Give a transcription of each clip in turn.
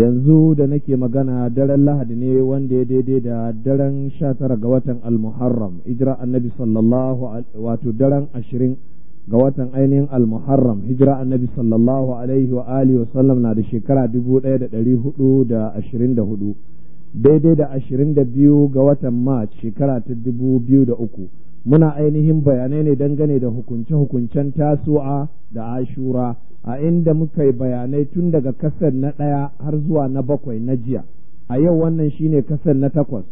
yanzu da nake magana daren lahadi ne wanda ya daidai da daren sha tara ga watan almuharram hijira annabi sallallahu wato daren ashirin ga watan ainihin almuharram hijira annabi sallallahu alaihi wa alihi wa sallam na da shekara dubu ɗaya da ɗari hudu da ashirin da hudu daidai da ashirin da biyu ga watan march shekara ta dubu biyu da uku muna ainihin bayanai ne dangane da hukunce-hukuncen tasu'a da ashura a inda muka yi bayanai tun daga kasar na ɗaya har zuwa na bakwai na jiya a yau wannan shine kasar na takwas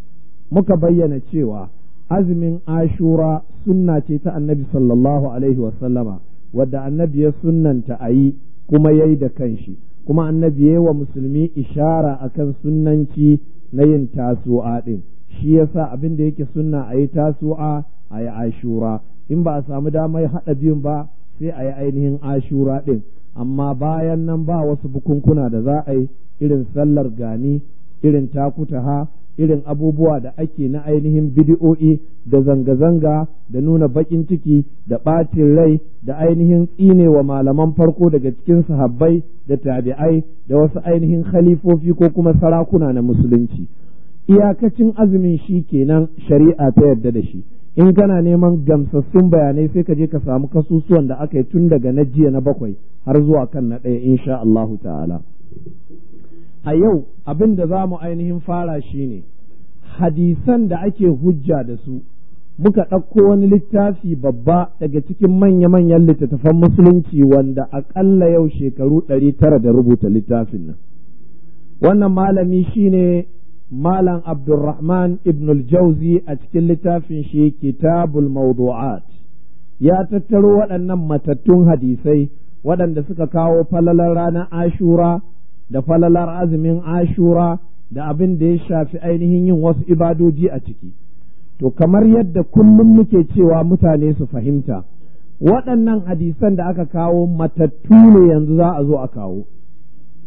muka bayyana cewa azumin ashura sunna ce ta annabi sallallahu alaihi wasallama wadda annabi ya sunnanta a yi kuma ya yi da kanshi kuma annabi ya yi wa musulmi ishara akan sunnanci na yin tasu'a ɗin shi yasa abin da yake sunna a yi tasu'a a yi ashura in ba a samu damar haɗa biyun ba sai a yi ainihin ashura ɗin amma bayan nan ba wasu bukunkuna da za a yi irin sallar gani irin takutaha irin abubuwa da ake na ainihin bidi'o'i da zanga-zanga da nuna baƙin ciki da ɓacin rai da ainihin tsine wa malaman farko daga cikin sahabbai da tabi'ai da wasu ainihin khalifofi ko kuma sarakuna na musulunci iyakacin azumin shi kenan shari'a ta yarda da shi in kana neman gamsassun bayanai sai ka je ka samu kasusuwan da aka yi tun daga na jiya na bakwai har zuwa kan na ɗaya insha Allahu ta'ala a yau abin da za mu ainihin fara shi ne hadisan da ake hujja da su muka ɗauko wani littafi babba daga cikin manya-manyan littattafan musulunci wanda aƙalla yau shekaru ɗari tara da rubuta littafin nan wannan malami shine malam abdulrahman ibn jauzi a cikin littafin shi kitabul mawdu'at ya tattaro waɗannan matattun hadisai waɗanda suka kawo falalar ranar ashura da falalar azumin ashura da abin da ya shafi ainihin yin wasu ibadoji a ciki to kamar yadda kullum muke cewa mutane su fahimta waɗannan hadisan da aka kawo matattu ne yanzu za a zo a kawo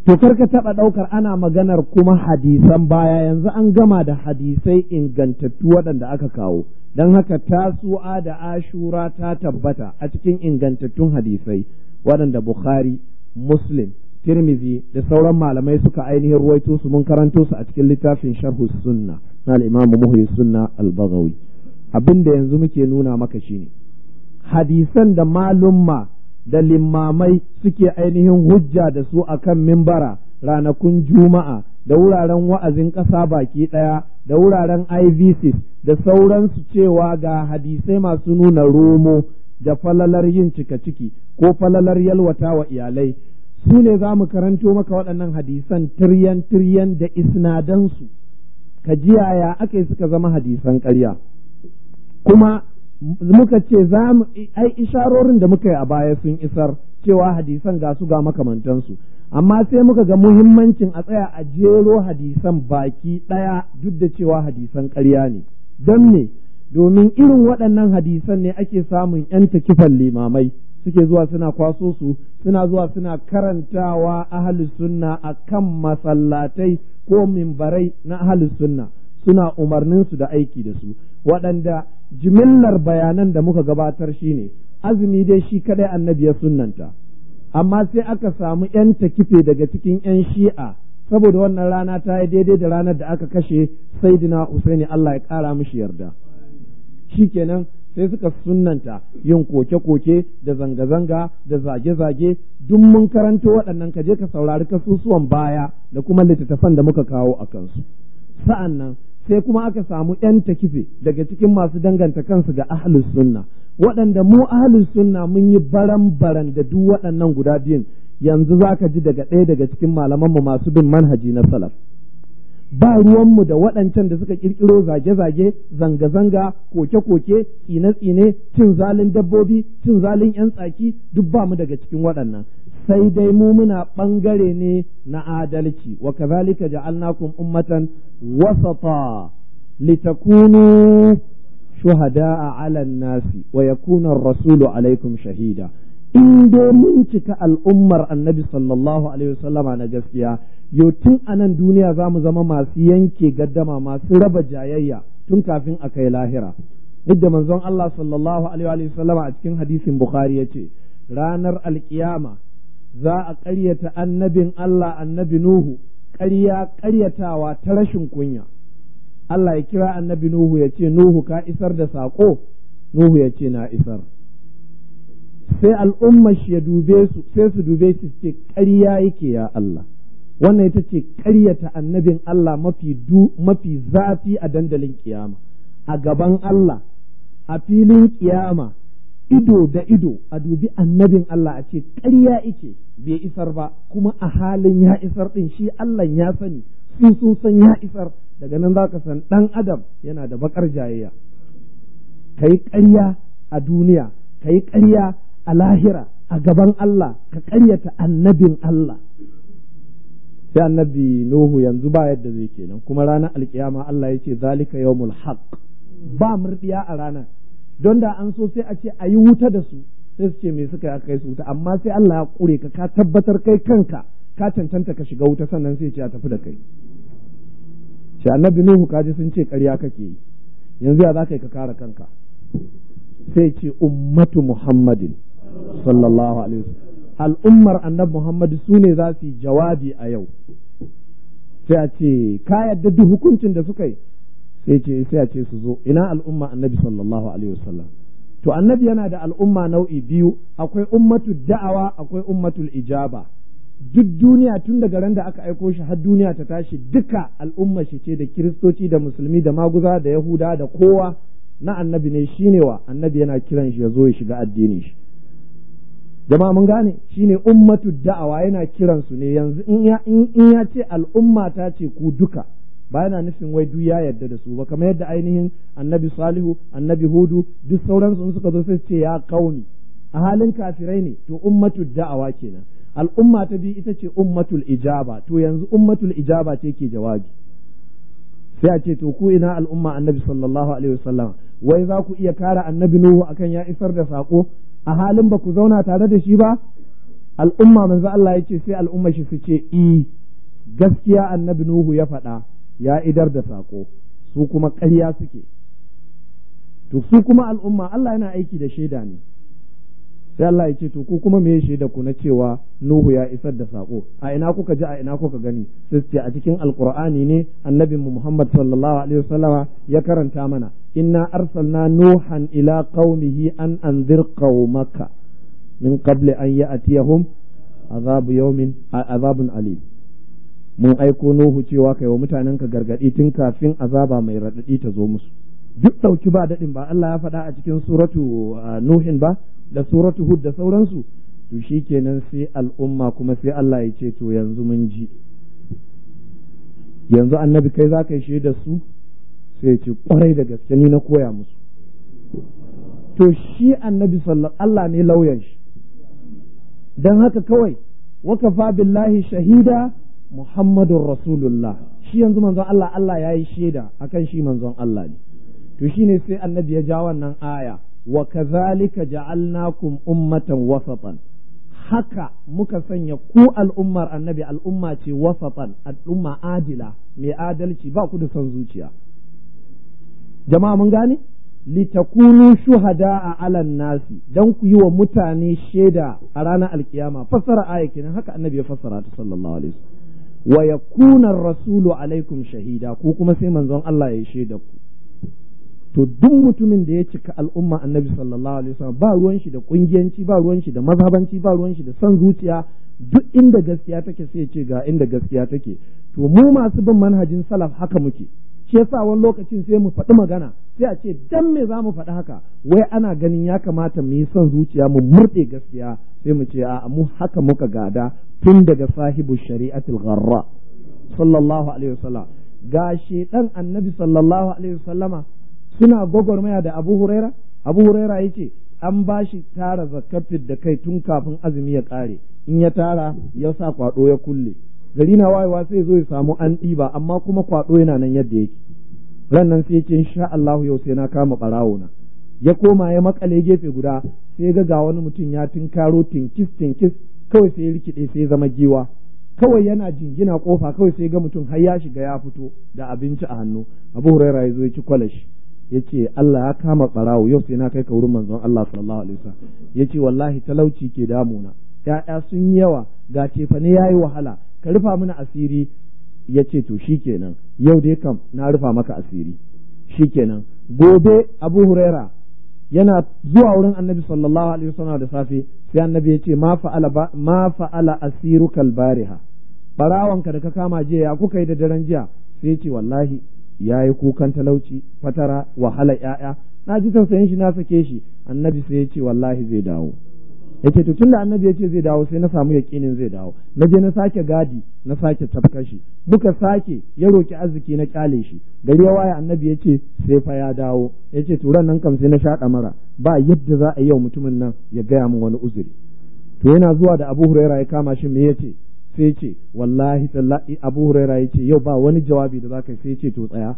to ka taɓa ɗaukar ana maganar kuma hadisan baya yanzu an gama da hadisai ingantattu waɗanda aka kawo don haka tasu'a da ashura ta tabbata a cikin ingantattun hadisai waɗanda bukhari muslim tirmizi da sauran malamai suka ainihin ruwaito su mun karanto su a cikin littafin sharhu sunna na al'imamu imamu muhyi sunna al-baghawi yanzu muke nuna maka shine hadisan da malumma da limamai suke ainihin hujja da su akan mimbara ranakun juma'a da wuraren wa'azin ƙasa baki ɗaya da wuraren ivc da sauransu cewa ga hadisai masu nuna romo da falalar yin cika ciki ko falalar yalwata wa iyalai su ne za mu karanto maka waɗannan hadisan tiryan tiryan da isnadansu ka ji aka yi suka zama hadisan ƙarya kuma muka ce za mu ai isharorin da muka yi a baya sun isar cewa hadisan ga su ga makamantansu amma sai muka ga muhimmancin a tsaya a jero hadisan baki ɗaya duk da cewa hadisan ƙarya ne don ne domin irin waɗannan hadisan ne ake samun 'yan takifan limamai suke zuwa suna kwaso su suna zuwa suna karantawa ahli sunna a kan masallatai ko mimbarai na ahalus sunna suna umarninsu da aiki da su waɗanda jimillar bayanan da muka gabatar shine azumi dai shi kadai annabi ya sunnanta amma sai aka samu ‘yan takife daga cikin ‘yan shi'a saboda wannan rana ta yi daidai da ranar da aka kashe saidina Usaini Allah ya ƙara mishi yarda shikenan sai suka sunnanta yin koke-koke da zanga-zanga da zage-zage duk mun karanto waɗannan ka je ka saurari kasusuwan baya da kuma littattafan da muka kawo a kansu sa'an nan sai kuma aka samu ‘yan takife daga cikin masu danganta kansu ga ahlus sunna waɗanda mu ahlus sunna mun yi baran-baran da duk waɗannan guda biyun yanzu za ka ji daga ɗaya daga cikin malamanmu masu bin manhaji na salaf ba ruwanmu da waɗancan da suka ƙirƙiro zage-zage zanga-zanga koke-koke tsine-tsine cin zalin dabbobi cin zalin 'yan tsaki duk ba mu daga cikin waɗannan sai dai mu muna ɓangare ne na adalci wa kazalika ja'alnakum ummatan wasata litakunu shuhada'a 'ala nasi wa yakuna rasulu 'alaykum shahida in dai mun cika al'ummar annabi sallallahu alaihi wasallama na gaskiya yau tun a nan duniya za mu zama masu yanke gaddama masu raba jayayya tun kafin a kai lahira yadda manzon Allah sallallahu alaihi wasallama a cikin hadisin bukhari ya ce ranar alkiyama za a ƙaryata annabin Allah annabi Nuhu ƙarya ƙaryatawa ta rashin kunya Allah ya kira annabi Nuhu ya ce Nuhu ka isar da saƙo Nuhu ya ce na isar sai al'ummar shi ya dube su sai su dube su ce ƙarya yake ya Allah wannan ita ce ƙaryata annabin Allah mafi zafi a dandalin kiyama a gaban Allah a filin kiyama ido da ido a dubi annabin Allah a ce ƙarya ike bai isar ba kuma a halin ya isar ɗin shi Allah ya sani su sun san ya isar daga nan za ka san ɗan adam yana da bakar jayayya ka yi ƙarya a duniya ka yi ƙarya a lahira a gaban Allah ka ƙaryata annabin Allah sai annabi Nuhu yanzu ba yadda zai kenan kuma ranar alkiyama Allah ya ce zalika yawmul haqq ba murdiya a ranar don da an so sai a ce a yi wuta da su sai su ce me suka yi kai su wuta amma sai Allah ya kure ka ka tabbatar kai kanka ka cancanta ka shiga wuta sannan sai ce a tafi da kai shi annabi nuhu kaji sun ce ƙarya kake yi yanzu ya za ka yi ka kare kanka sai ce ummatu muhammadin sallallahu alaihi wasallam al'ummar annabi muhammadu su ne za su yi jawabi a yau sai a ce ka yadda duk hukuncin da suka yi sai ce sai a ce su zo ina al'umma annabi sallallahu alaihi wasallam to annabi yana da al'umma nau'i biyu akwai ummatu da'awa akwai ummatul ijaba duk duniya tun daga ran da aka aiko shi har duniya ta tashi duka al'umma shi ce da kiristoci da musulmi da maguza da yahuda da kowa na annabi ne shine wa annabi yana kiran shi ya zo ya shiga addini shi jama'a mun gane shine ummatu da'awa yana kiransu ne yanzu in ya ce al'umma ta ce ku duka ba yana nufin wai duk ya yarda da su ba kamar yadda ainihin annabi salihu annabi hudu duk sauransu in suka zo sai ce ya kauni a halin kafirai ne to ummatu da'awa kenan al'umma ta biyu ita ce ummatul ijaba to yanzu ummatul ijaba ce ke jawabi sai a ce to ku ina al'umma annabi sallallahu alaihi wasallam wai za ku iya kare annabi nuhu akan ya isar da sako a halin ba ku zauna tare da shi ba al'umma manzo Allah ya ce sai al'umma shi su ce i gaskiya annabi nuhu ya faɗa ya idar da saƙo su kuma ƙarya suke to su kuma al'umma Allah yana aiki da shaida ne sai Allah ya ce to ku kuma me shaida ku na cewa Nuhu ya isar da sako a ina kuka ji a ina kuka gani sai ce a cikin alqur'ani ne annabi Muhammad sallallahu alaihi wasallama ya karanta mana inna arsalna nuhan ila qaumihi an anzir qaumaka min qabli an ya'tiyahum azabu yawmin azabun alim mun aiko nuhu cewa kai wa ka gargadi tun kafin azaba mai raɗaɗi ta zo musu duk ɗauki ba daɗin ba Allah ya faɗa a cikin suratu nuhin ba da suratu hud da sauransu to shi kenan sai al'umma kuma sai Allah ya ce to yanzu mun ji yanzu annabi kai za ka yi da su sai ce kwarai da gaske ni na koya musu to shi annabi sallallahu Allah ne lauyan shi don haka kawai wakafa billahi shahida Muhammadun Rasulullah shi yanzu manzon Allah Allah ya yi shaida akan shi manzon Allah ne to shine sai annabi ya ja wannan aya wa kazalika ja'alnakum ummatan wasatan haka muka sanya ku al'ummar annabi al'umma ce wasatan al'umma adila mai adalci ba ku da son zuciya jama'a mun gane litakunu a 'alan nasi don ku yi wa mutane shaida a ranar alkiyama fassara aya kenan haka annabi ya fassara ta sallallahu alaihi wasallam wa yakuna rasulu alaikum shahida ko kuma sai manzon Allah ya shaida ku to duk mutumin da ya cika al'umma annabi sallallahu alaihi wasallam ba ruwan shi da kungiyanci ba ruwan shi da mazhabanci ba ruwan shi da san zuciya duk inda gaskiya take sai ya ce ga inda gaskiya take to mu masu bin manhajin salaf haka muke shi yasa wani lokacin sai mu faɗi magana sai a ce dan me za mu faɗi haka wai ana ganin ya kamata mu yi son zuciya mu murɗe gaskiya sai mu ce a mu haka muka gada tun daga sahibu shari'atul gharra sallallahu alaihi wasallam ga dan annabi sallallahu alaihi wasallama suna gwagwarmaya da Abu Huraira Abu Huraira yace an ba shi tara zakafin da kai tun kafin azumi ya ƙare in ya tara ya sa kwaɗo ya kulle gari na wayewa sai zo ya samu an ɗiba amma kuma kwaɗo yana nan yadda yake ran nan sai yake insha Allahu yau sai na kama ɓarawo na ya koma ya makale gefe guda sai ga ga wani mutum ya tinkaro tinkis tinkis kawai sai ya rikide sai zama giwa kawai yana jingina kofa kawai sai ga mutum har ya shiga ya fito da abinci a hannu Abu Hurairah ya zo ya ci Ya yace Allah ya kama ɓarawo yau sai na kai ka wurin manzon Allah sallallahu alaihi wasallam yace wallahi talauci ke damuna ya'ya sun yi yawa ga cefane yayi wahala ka rufa mana asiri ya ce to shi kenan yau dai kam na rufa maka asiri shi kenan gobe abu huraira yana zuwa wurin annabi sallallahu alaihi wasallam da safe sai annabi ya ce ma fa'ala asiru fa'ala asirukal barawanka da ka kama jiya ya kuka yi da daren jiya sai ce wallahi ya yi kukan talauci fatara wahala ya'ya na ji tausayin shi na sake shi annabi sai ya ce wallahi zai dawo yake to tunda annabi yace zai dawo sai na samu yakinin zai dawo na je na sake gadi na sake tafka shi muka sake ya roki arziki na kyale shi gari ya waya annabi yace sai fa ya dawo yace to ran nan kam sai na sha mara ba yadda za a yi wa mutumin nan ya gaya min wani uzuri to yana zuwa da Abu Huraira ya kama shi me yace sai yace wallahi tallahi Abu Huraira yace yau ba wani jawabi da zaka sai yace to tsaya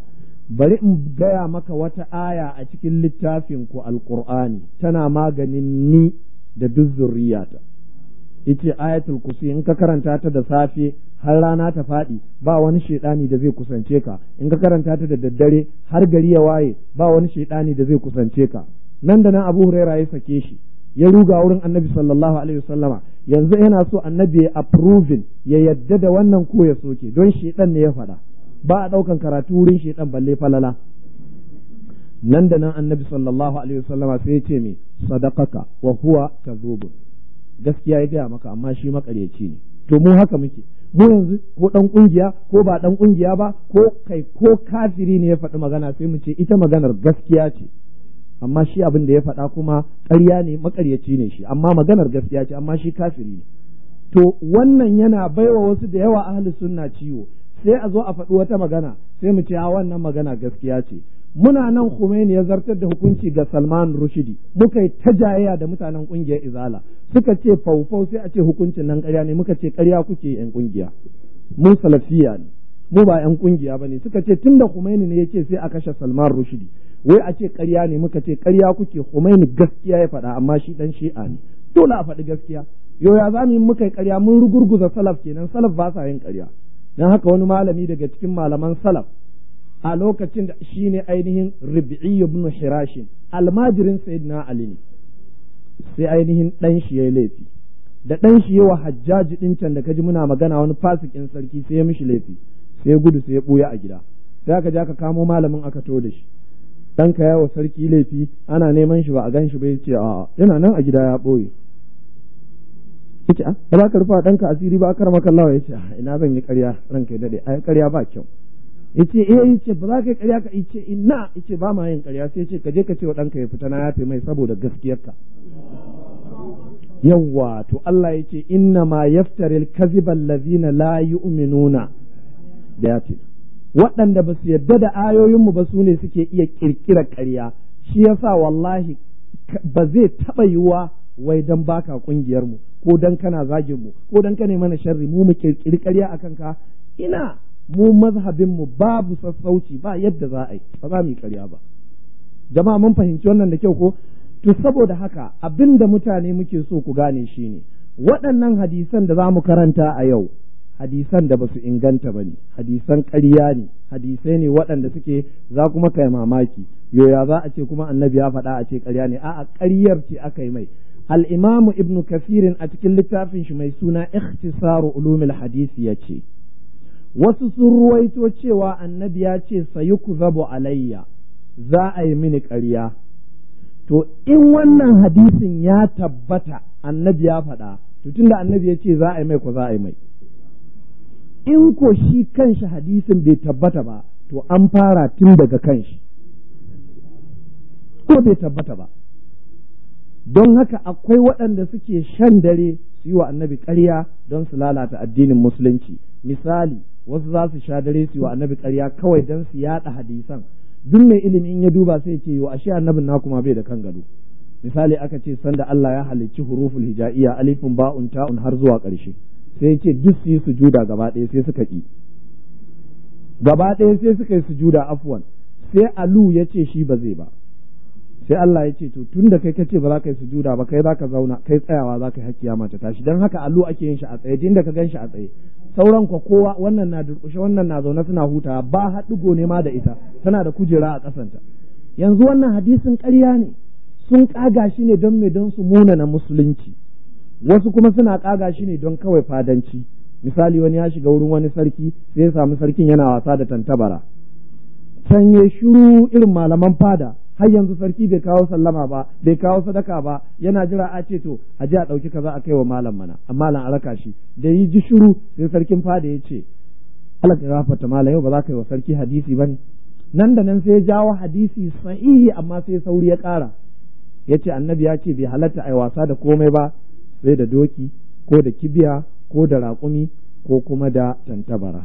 bari in gaya maka wata aya a cikin littafin ku alqur'ani tana maganin ni da duk zurriyata yace ayatul kursi in ka karanta ta da safe har rana ta faɗi ba wani shaidani da zai kusance ka in ka karanta ta da daddare har gari ya waye ba wani shaidani da zai kusance ka nan da nan Abu Huraira ya sake shi ya ruga wurin Annabi sallallahu alaihi wasallama yanzu yana so Annabi ya approving ya yadda da wannan ko ya soke don shaidan ne ya faɗa ba a ɗaukan karatu wurin shaidan balle falala nan da nan annabi sallallahu alaihi wasallam sai ya ce me sadaqaka wa huwa kadhubun gaskiya ya gaya maka amma shi makaryaci ne to mu haka muke mu yanzu ko dan kungiya ko ba dan kungiya ba ko kai ko kafiri ne ya faɗi magana sai mu ce ita maganar gaskiya ce amma shi abin da ya faɗa kuma ƙarya ne makaryaci ne shi amma maganar gaskiya ce amma shi kafiri ne to wannan yana baiwa wasu da yawa ahli sunna ciwo sai a zo a faɗi wata magana sai mu ce a wannan magana gaskiya ce muna nan Khomeini ya zartar da hukunci ga Salman rushidi muka yi ta jayayya da mutanen kungiyar Izala suka ce faufau sai a ce hukuncin nan ƙarya ne muka ce ƙarya kuke yan kungiya mu salafiya ne mu ba yan kungiya bane suka ce tunda Khomeini ne yace sai a kashe Salman rushidi wai a ce ƙarya ne muka ce ƙarya kuke Khomeini gaskiya ya faɗa amma shi dan shi'a ne dole a faɗi gaskiya yo ya za mu muka yi ƙarya mun rugurguza salaf kenan salaf ba sa yin ƙarya dan haka wani malami daga cikin malaman salaf a lokacin da shi ne ainihin Rib'i ibn Hirashin almajirin Sayyidina Ali ne sai ainihin dan shi yayi laifi da dan shi yawa Hajjaji din can da kaji muna magana wani fasikin sarki sai ya mishi laifi sai gudu sai ya buya a gida sai aka je aka kamo malamin aka to da shi dan ka yawo sarki laifi ana neman shi ba a gan shi ba yace a yana nan a gida ya boye yace a ah, ba za ka rufa danka asiri ba akar kallawa Allah a, ah, ina zan yi ƙarya ranka ya dade ai ƙarya ba kyau yace eh yace ba za ka yi ƙarya ka yace inna yace ba ma yin ƙarya sai yace ka je ka ce wa ɗanka ya fita na yafe mai saboda gaskiyarka yawwa to Allah yace inna ma yaftaril kadhiba allazina la yu'minuna da yafe waɗanda ba su yadda da ayoyinmu ba su ne suke iya ƙirƙirar ƙarya shi yasa wallahi ba zai taɓa yiwuwa wai dan baka ƙungiyarmu ko dan kana zagin mu ko dan ka ne mana sharri mu mu ƙirƙiri ƙarya akan ka ina mu mazhabinmu babu sassauci ba yadda za a yi ba za mu yi ƙarya ba jama'a mun fahimci wannan da kyau ko to saboda haka abinda mutane muke so ku gane shine waɗannan hadisan da za mu karanta a yau hadisan da ba su inganta ba ne hadisan ƙarya ne hadisai ne waɗanda suke za kuma kai mamaki yoya za a ce kuma annabi ya faɗa a ce ƙarya ne a'a ƙaryar ce aka yi mai al-imamu ibnu kasirin a cikin littafin shi mai suna ikhtisaru ulumil hadisi ya ce wasu sun ruwaito cewa annabi ya ce sayi ku zabo alayya za a yi mini ƙarya to in wannan hadisin ya tabbata annabi ya faɗa to da annabi ya ce za a yi mai ko za a yi mai in ko shi kanshi hadisin bai tabbata ba to an fara tun daga kanshi ko bai tabbata ba don haka akwai waɗanda suke shan dare su yi wa annabi ƙarya don su lalata addinin musulunci misali wasu za su sha dare su yi wa annabi ƙarya kawai don su yaɗa hadisan duk mai ilimi in ya duba sai ce wa ashe annabi na kuma bai da kan gado misali aka ce sanda Allah ya halicci huruful hijaiya alifun ba'un ta'un har zuwa ƙarshe sai ya ce duk su yi sujuda gaba ɗaya sai suka ƙi gaba ɗaya sai suka yi sujuda afwan sai alu ya ce shi ba zai ba sai Allah ya ce to tun da kai kace ba za ka yi sujuda ba kai za ka zauna kai tsayawa za ka yi hakkiya mace tashi dan haka allo ake yin shi a tsaye tun da ka gan shi a tsaye sauran kwa kowa wannan na durƙushe wannan na zaune suna hutawa ba haɗigo ne ma da ita tana da kujera a ƙasanta yanzu wannan hadisin ƙarya ne sun ƙaga shi ne don me don su muna na musulunci wasu kuma suna ƙaga shi ne don kawai fadanci misali wani ya shiga wurin wani sarki sai ya samu sarkin yana wasa da tantabara can ya shiru irin malaman fada har yanzu sarki bai kawo sallama ba bai kawo sadaka ba yana jira a ce to a ji a ɗauki kaza a kai wa malam mana amma a araka shi da yi ji shiru sai sarkin fada ya ce Allah ka rafata malam yau ba za ka yi wa sarki hadisi ba ne nan da nan sai ya jawo hadisi sahihi amma sai sauri ya ƙara ya ce annabi ya ce bai halatta a yi wasa da komai ba sai da doki ko da kibiya ko da raƙumi ko kuma da tantabara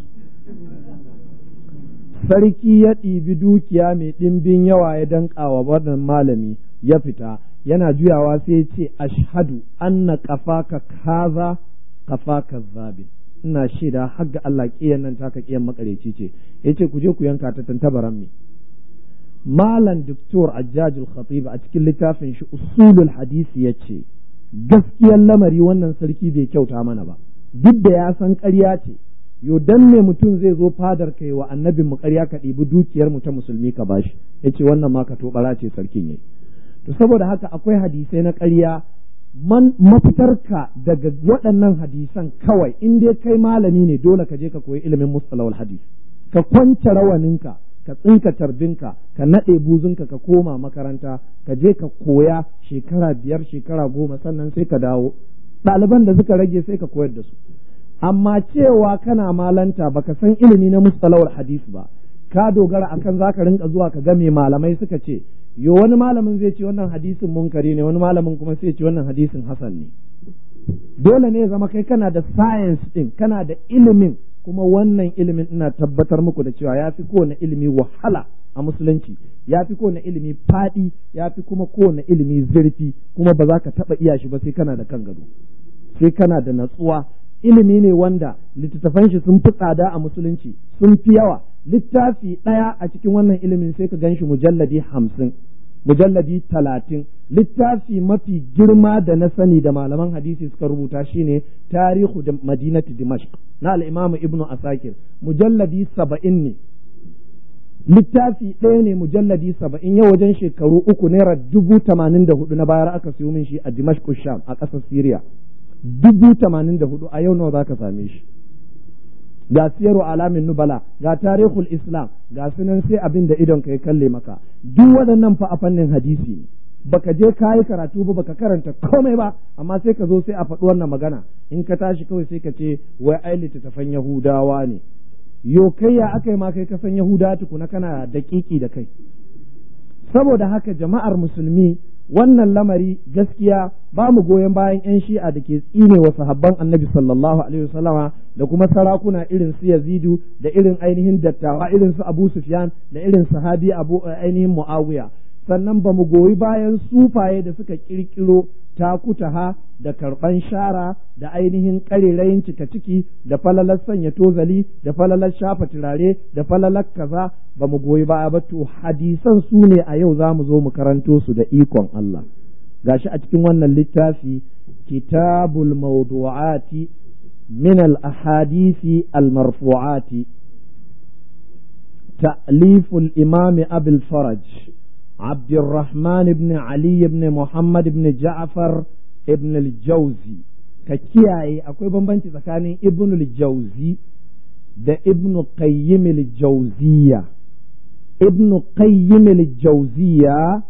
sarki ya ɗibi dukiya mai ɗimbin yawa ya danƙa wa wannan malami ya fita yana juyawa sai ya ce ashhadu anna kafaka kaza kafaka zabin ina shaida har ga Allah kiyan nan taka kiyan makareci ce yace ku je ku yanka ta tantabaran mi malam doktor ajajul khatib a cikin littafin shi usulul hadisi yace gaskiyar lamari wannan sarki bai kyauta mana ba duk da ya san ƙarya ce yo dan me mutum zai zo fadar kai wa annabin mu ƙarya ka ɗibi dukiyar mu ta musulmi ka bashi yace wannan ma ka to bara ce sarkin yayi to saboda haka akwai hadisai na ƙarya man ka daga waɗannan hadisan kawai in dai kai malami ne dole ka je ka koyi ilimin mustalawal hadis ka kwanta rawaninka ka tsinka tarbinka ka naɗe buzunka ka koma makaranta ka je ka koya shekara biyar shekara goma sannan sai ka dawo ɗaliban da suka rage sai ka koyar da su amma cewa kana malanta baka san ilimi na mustalawar hadis ba ka dogara akan zaka rinka zuwa ka ga malamai suka ce yo wani malamin zai ce wannan hadisin munkari ne wani malamin kuma sai ce wannan hadisin hasan ne dole ne zama kai kana da science din kana da ilimin kuma wannan ilimin ina tabbatar muku da cewa ya fi kowane ilimi wahala a musulunci ya fi kowane ilimi faɗi ya fi kuma kowane ilimi zurfi kuma ba za ka taɓa iya shi ba sai kana da kan gado sai kana da natsuwa ilimi ne wanda littattafan shi sun fi tsada a musulunci sun fi yawa littafi ɗaya a cikin wannan ilimin sai ka gan shi mujalladi hamsin mujalladi talatin littafi mafi girma da na sani da malaman hadisi suka rubuta shine tarihu da madinati dimashq na al'imamu ibnu asakir mujalladi saba'in ne littafi ɗaya ne mujalladi saba'in yau wajen shekaru uku naira dubu tamanin da hudu na bayar aka siyo min shi a dimashq sham a ƙasar syria dubu tamanin da hudu a yau nawa za ka same shi ga siyarwa alamin nubala ga tarihul islam ga sunan sai abin da idon ka ya kalle maka duk waɗannan fa a fannin hadisi ne baka je ka yi karatu ba baka karanta komai ba amma sai ka zo sai a faɗi wannan magana in ka tashi kawai sai ka ce wai ai littattafan yahudawa ne yo kai ya aka yi ma kai ka san yahudawa tukuna kana daƙiƙi da kai saboda haka jama'ar musulmi wannan lamari gaskiya ba mu goyon bayan 'yan shi'a da ke tsine wa sahabban annabi sallallahu alaihi wasallama da kuma sarakuna irin su yazidu da irin ainihin dattawa irin su abu sufyan da irin sahabi abu eh, ainihin muawiya sannan ba mu goyi bayan sufaye da suka kirkiro takutaha da karɓan shara da ainihin ƙarerayin cika ciki da falalar sanya tozali da falalar shafa turare da falalar kaza ba mu goyi ba ba to hadisan su ne a yau za mu zo mu karanto su da ikon Allah gashi a cikin wannan littafi kitabul mawdu'ati min al ahadisi al marfu'ati ta'liful abul faraj عبد الرحمن بن علي بن محمد بن جعفر ابن الجوزي ka kiyaye akwai bambanci tsakanin ibn al da ibn qayyim al-jawziya ibn qayyim jawziya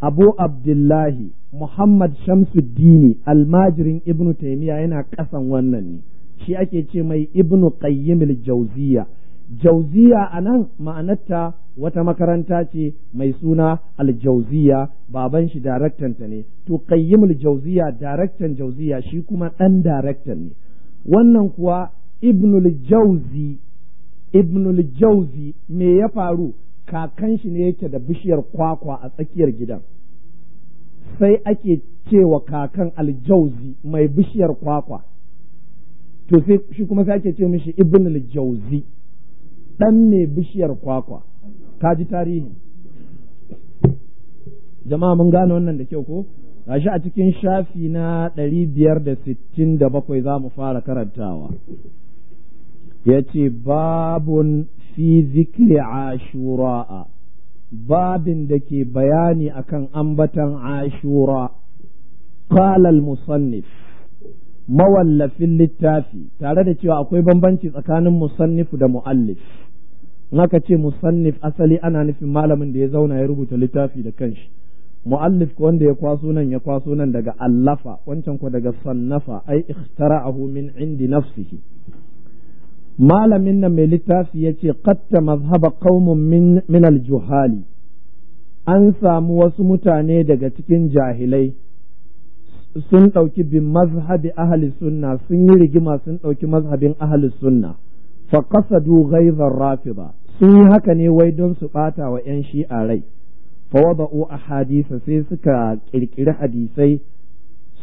abu abdullahi muhammad shamsuddini almajirin ibn taymiya yana kasan wannan ne shi ake ce mai ibn qayyim al-jawziya jawziya anan ma'anarta wata makaranta ce mai suna aljauziya baban shi daraktan ta ne to kayyim aljauziya daraktan jauziya shi kuma dan daraktan ne wannan kuwa ibnul jauzi ibnul jauzi me ya faru kakan shi ne yake da bishiyar kwakwa a tsakiyar gidan sai ake cewa kakan aljauzi mai bishiyar kwakwa to sai shi kuma sai ake ce mishi ibnul jauzi dan mai bishiyar kwakwa ka ji tarihi jama'a mun gane wannan da kyau ko gashi a cikin shafi na ɗari biyar da sittin da bakwai za mu fara karantawa ya ce babun fi zikri ashura'a babin da ke bayani akan ambatan ashura qala musannif mawallafin littafi tare da cewa akwai bambanci tsakanin musannif da muallif naka aka ce musannif asali ana nufin malamin da ya zauna ya rubuta littafi da kanshi mu'allif ko wanda ya kwaso nan ya kwaso nan daga allafa wancan ko daga sannafa ai ikhtara'ahu min indi nafsihi malamin nan mai littafi yace qatta mazhaba qaumun min min aljuhali an samu wasu mutane daga cikin jahilai sun ɗauki bin mazhabi ahli sunna sun yi rigima sun ɗauki mazhabin ahli sunna fa qasadu ghaizar rafida sun yi haka ne wai don su ɓata wa 'yan shi'a rai ba’o a hadisa sai suka ƙirƙiri hadisai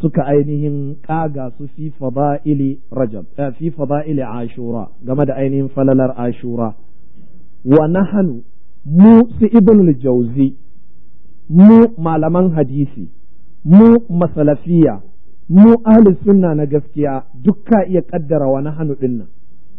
suka ainihin ƙaga su fi fada'ili rajab eh, ashura game da ainihin falalar ashura wa hannu mu su ibnul jauzi mu malaman hadisi mu masalafiya mu ahli sunna na gaskiya dukka iya ƙaddara wa ɗin nan,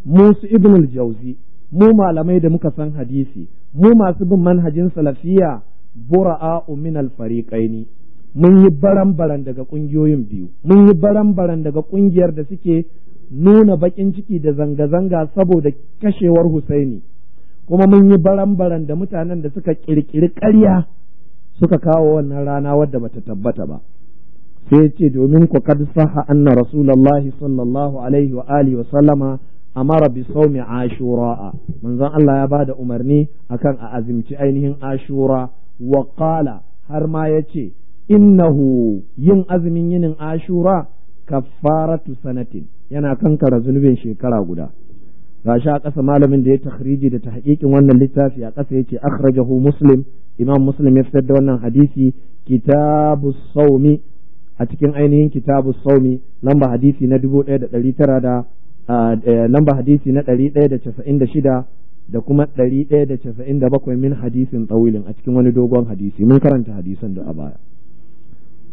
mu su ibnul jauzi mu malamai da muka san hadisi mu masu bin manhajin salafiya bura'a min al-fariqaini mun yi baran-baran daga ƙungiyoyin biyu mun yi baran-baran daga ƙungiyar da suke nuna baƙin ciki da zanga-zanga saboda kashewar Husaini kuma mun yi baran-baran da mutanen da suka ƙirƙiri ƙarya suka kawo wannan rana wadda bata tabbata ba sai ya ce domin ku kad saha anna rasulullahi sallallahu alaihi wa alihi wa sallama amara bi saumi ashura manzon Allah ya bada umarni akan a azimci ainihin ashura wa qala har ma yace innahu yin azumin yinin ashura kaffaratu sanatin yana kankara zunubin shekara guda gashi a ƙasa malamin da ya takhriji da tahqiqin wannan littafi a ƙasa yace akhrajahu muslim imam muslim ya fitar da wannan hadisi kitabu saumi a cikin ainihin kitabu saumi lamba hadisi na dubu ɗaya da ɗari tara da Eh, hadisi na ɗari ɗaya da casa'in da shida da kuma ɗari ɗaya da casa'in da bakwai min hadisin tsawilin a cikin wani dogon hadisi mun karanta hadisan da a baya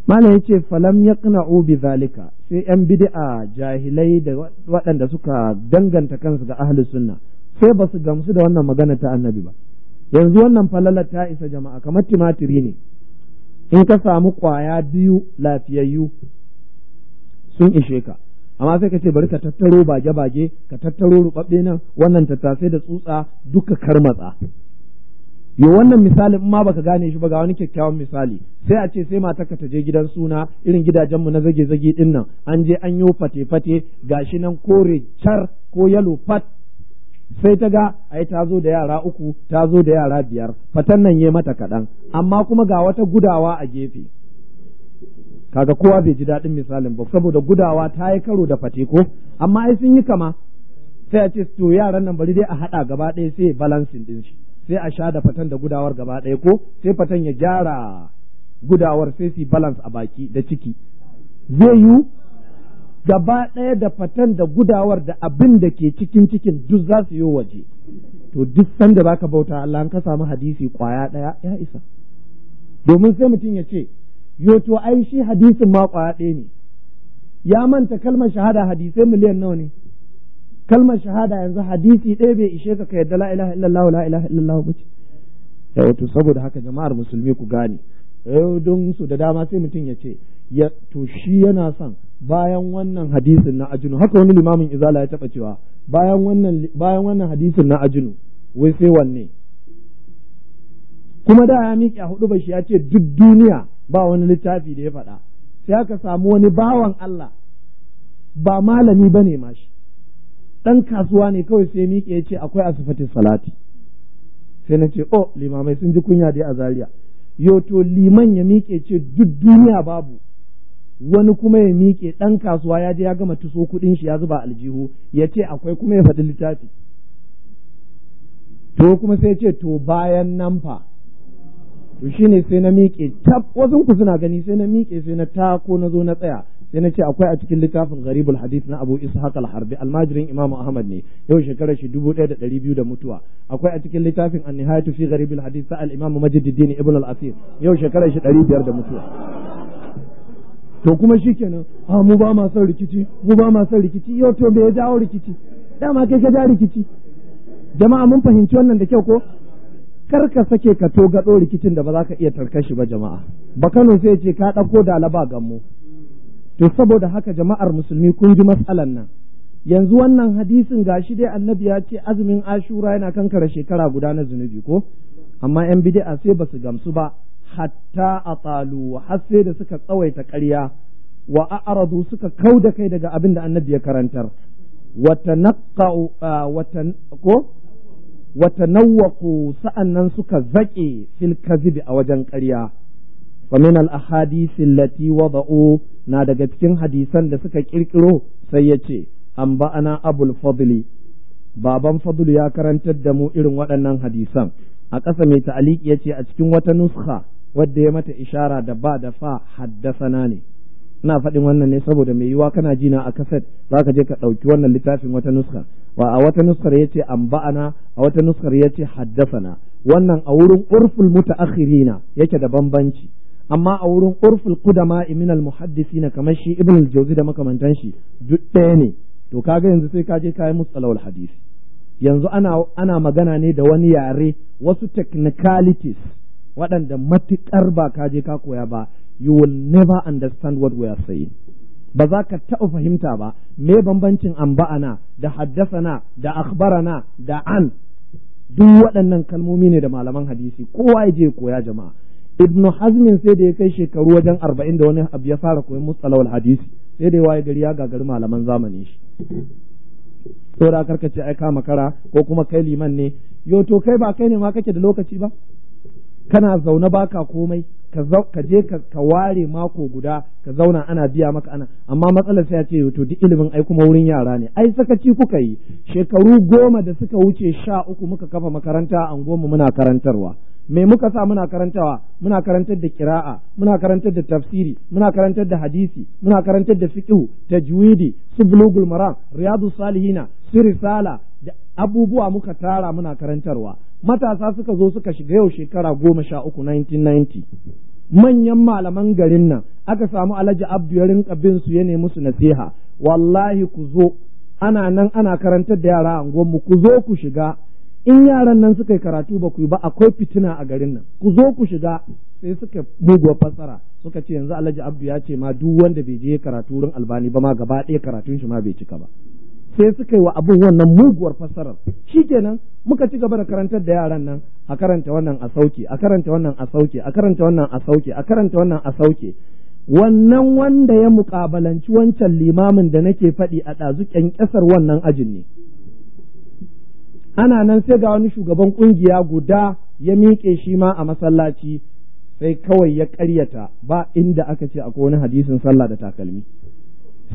malam yace falam yaqna'u bi zalika sai yan bid'a jahilai da waɗanda suka danganta kansu ga ahli sunna sai ba su gamsu da wannan magana ta annabi ba yanzu wannan falalar ta isa jama'a kamar timatiri ne in ka samu ƙwaya biyu lafiyayyu sun ishe ka amma sai ka ce bari ka tattaro baje bage ka tattaro rubabbe nan wannan tattasai da tsutsa duka karmatsa yo wannan misali in ma baka gane shi ba ga wani kyakkyawan misali sai a ce sai matarka ta je gidan suna irin gidajenmu na zage zage din nan an je an yo fate fate gashi nan kore char ko yalo fat sai ta ga ai ta zo da yara uku ta zo da yara biyar fatan nan ya mata kaɗan amma kuma ga wata gudawa a gefe kaga kowa bai ji daɗin misalin ba saboda gudawa ta yi karo da fate ko amma ai sun yi kama sai a ce to yaran nan bari dai a haɗa gaba ɗaya sai balancing din shi sai a sha da fatan da gudawar gaba ɗaya ko sai fatan ya gyara gudawar sai su balance a baki da ciki zai yi gaba ɗaya da fatan da gudawar da abin da ke cikin cikin duk za su yi waje to duk sanda zaka bauta Allah an ka samu hadisi kwaya ɗaya ya isa domin sai mutum ya ce yo to ai shi hadisin ma kwaya ɗaya ne ya manta kalmar shahada hadisai miliyan nawa ne kalmar shahada yanzu hadisi ɗaya bai ishe ka kai la ilaha illallah la ilaha illallah ba ce ya eh, saboda haka jama'ar musulmi ku gane eh, don su da dama sai mutum ya ce ya to shi yana son bayan wannan hadisin na ajinu haka wani limamin izala ya taba cewa bayan wannan bayan wannan hadisin na ajinu wai sai wanne kuma da ya miƙe a hudu bashi shi ya ce duk duniya ba wani littafi da ya faɗa sai aka samu wani bawan Allah ba malami ba ne mashi ɗan kasuwa ne kawai sai miƙe ya ce akwai asibitin salati sai na ce oh limamai sun ji kunya dai a zaria to liman ya miƙe ce duk duniya babu wani kuma ya miƙe ɗan kasuwa ya je ya gama tuso kuɗin shi ya zuba aljihu ya ce akwai kuma ya faɗi littafi to kuma sai ce to bayan nan fa to shi ne sai na miƙe tab wasun ku suna gani sai na miƙe sai na ta ko na zo na tsaya sai na ce akwai a cikin littafin gharibul hadith na Abu Ishaq al-Harbi almajirin imamu Ahmad ne yau shekarar shi dubu ɗaya da ɗari biyu da mutuwa akwai a cikin littafin an-nihayatu fi gharibul hadith sa al imamu Majduddin Ibn al-Asir yau shekarar shi ɗari biyar da mutuwa to kuma shi kenan a ah, mu ba ma son rikici mu ba ma son rikici yau to bai ya jawo rikici dama kai ka ja rikici jama'a mun fahimci wannan da kyau ko kar ka sake ka to gaɗo rikicin da ba za ka iya tarkar shi ba jama'a ba Kano sai ce ka ɗauko da alaba mu to saboda haka jama'ar musulmi kun ji matsalan nan yanzu wannan hadisin gashi dai annabi ya ce azumin ashura yana kankara shekara guda na zunubi ko amma yan bid'a sai basu gamsu ba hatta atalu har sai da suka tsawaita ƙarya wa a'radu suka kauda kai daga abin da annabi ya karantar wa tanqa wa ko wata nawwaku sa'annan suka zaƙe fil kazibi a wajen ƙarya wa min al ahadisi allati wada'u na daga cikin hadisan da suka kirkiro sai ya ce an abul fadli baban fadlu ya karantar da mu irin waɗannan hadisan a ƙasa mai ta'aliki ya ce a cikin wata nuskha wadda ya mata ishara da ba da fa na ne ina faɗin wannan ne saboda mai yiwa kana jina a kaset za ka je ka ɗauki wannan littafin wata nuskar wa a wata nuskar ya ce amba'ana a wata nuskar ya ce haddasana wannan a wurin urful mutaakhirina yake da bambanci amma a wurin urful qudama min al muhaddisina kamar shi ibn al jawzi da makamantan shi duk ɗaya ne to kaga yanzu sai ka je kai mustalawul hadisi yanzu ana ana magana ne da wani yare wasu technicalities waɗanda matuƙar ba ka je ka koya ba you will never understand what we are saying ba za ka taɓa fahimta ba me bambancin amba'ana da haddasana da akhbarana da an duk waɗannan kalmomi ne da malaman hadisi kowa ya je koya jama'a Ibn hazmin sai da ya kai shekaru wajen arba'in da wani abu ya fara koyon mutsalawar hadisi sai da ya waye gari ya gagari malaman zamanin shi da saboda karkace ai kama kara ko kuma kai liman ne yo to kai ba kai ne ma kake da lokaci ba kana zaune baka komai ka je ka ware mako guda ka zauna ana biya maka ana amma matsalar sai ya ce to duk ilimin ai kuma wurin yara ne ai sakaci kuka yi shekaru goma da suka wuce sha uku muka kafa makaranta a goma muna karantarwa me muka sa muna karantawa muna karantar da kira'a muna karantar da tafsiri muna karantar da hadisi muna karantar da fiqhu tajwidi su maram riyadu salihina su risala da abubuwa muka tara muna karantarwa matasa suka zo suka shiga yau shekara goma sha uku 1990 manyan malaman garin nan aka samu alhaji abdu ya rinka bin su ya nemi su nasiha wallahi ku zo ana nan ana karantar da yara a mu ku zo ku shiga in yaran nan suka yi karatu ba ku yi ba akwai fitina a garin nan ku zo ku shiga sai suka muguwar fassara suka ce yanzu alhaji abdu ya ce ma duk wanda bai je karatu wurin albani ba ma gaba ɗaya karatun shi ma bai cika ba sai suka yi wa abin wannan muguwar fassarar shi shikenan muka ci gaba da karantar da yaran nan a karanta wannan a sauke a karanta wannan a sauke a karanta wannan a sauke a karanta wannan a sauke wannan wanda ya mukabalanci wancan limamin da nake faɗi a ɗazu ƙyanƙyasar wannan ajin ne ana nan sai ga wani shugaban ƙungiya guda ya miƙe shi ma a masallaci sai kawai ya ƙaryata ba inda aka ce akwai wani hadisin sallah da takalmi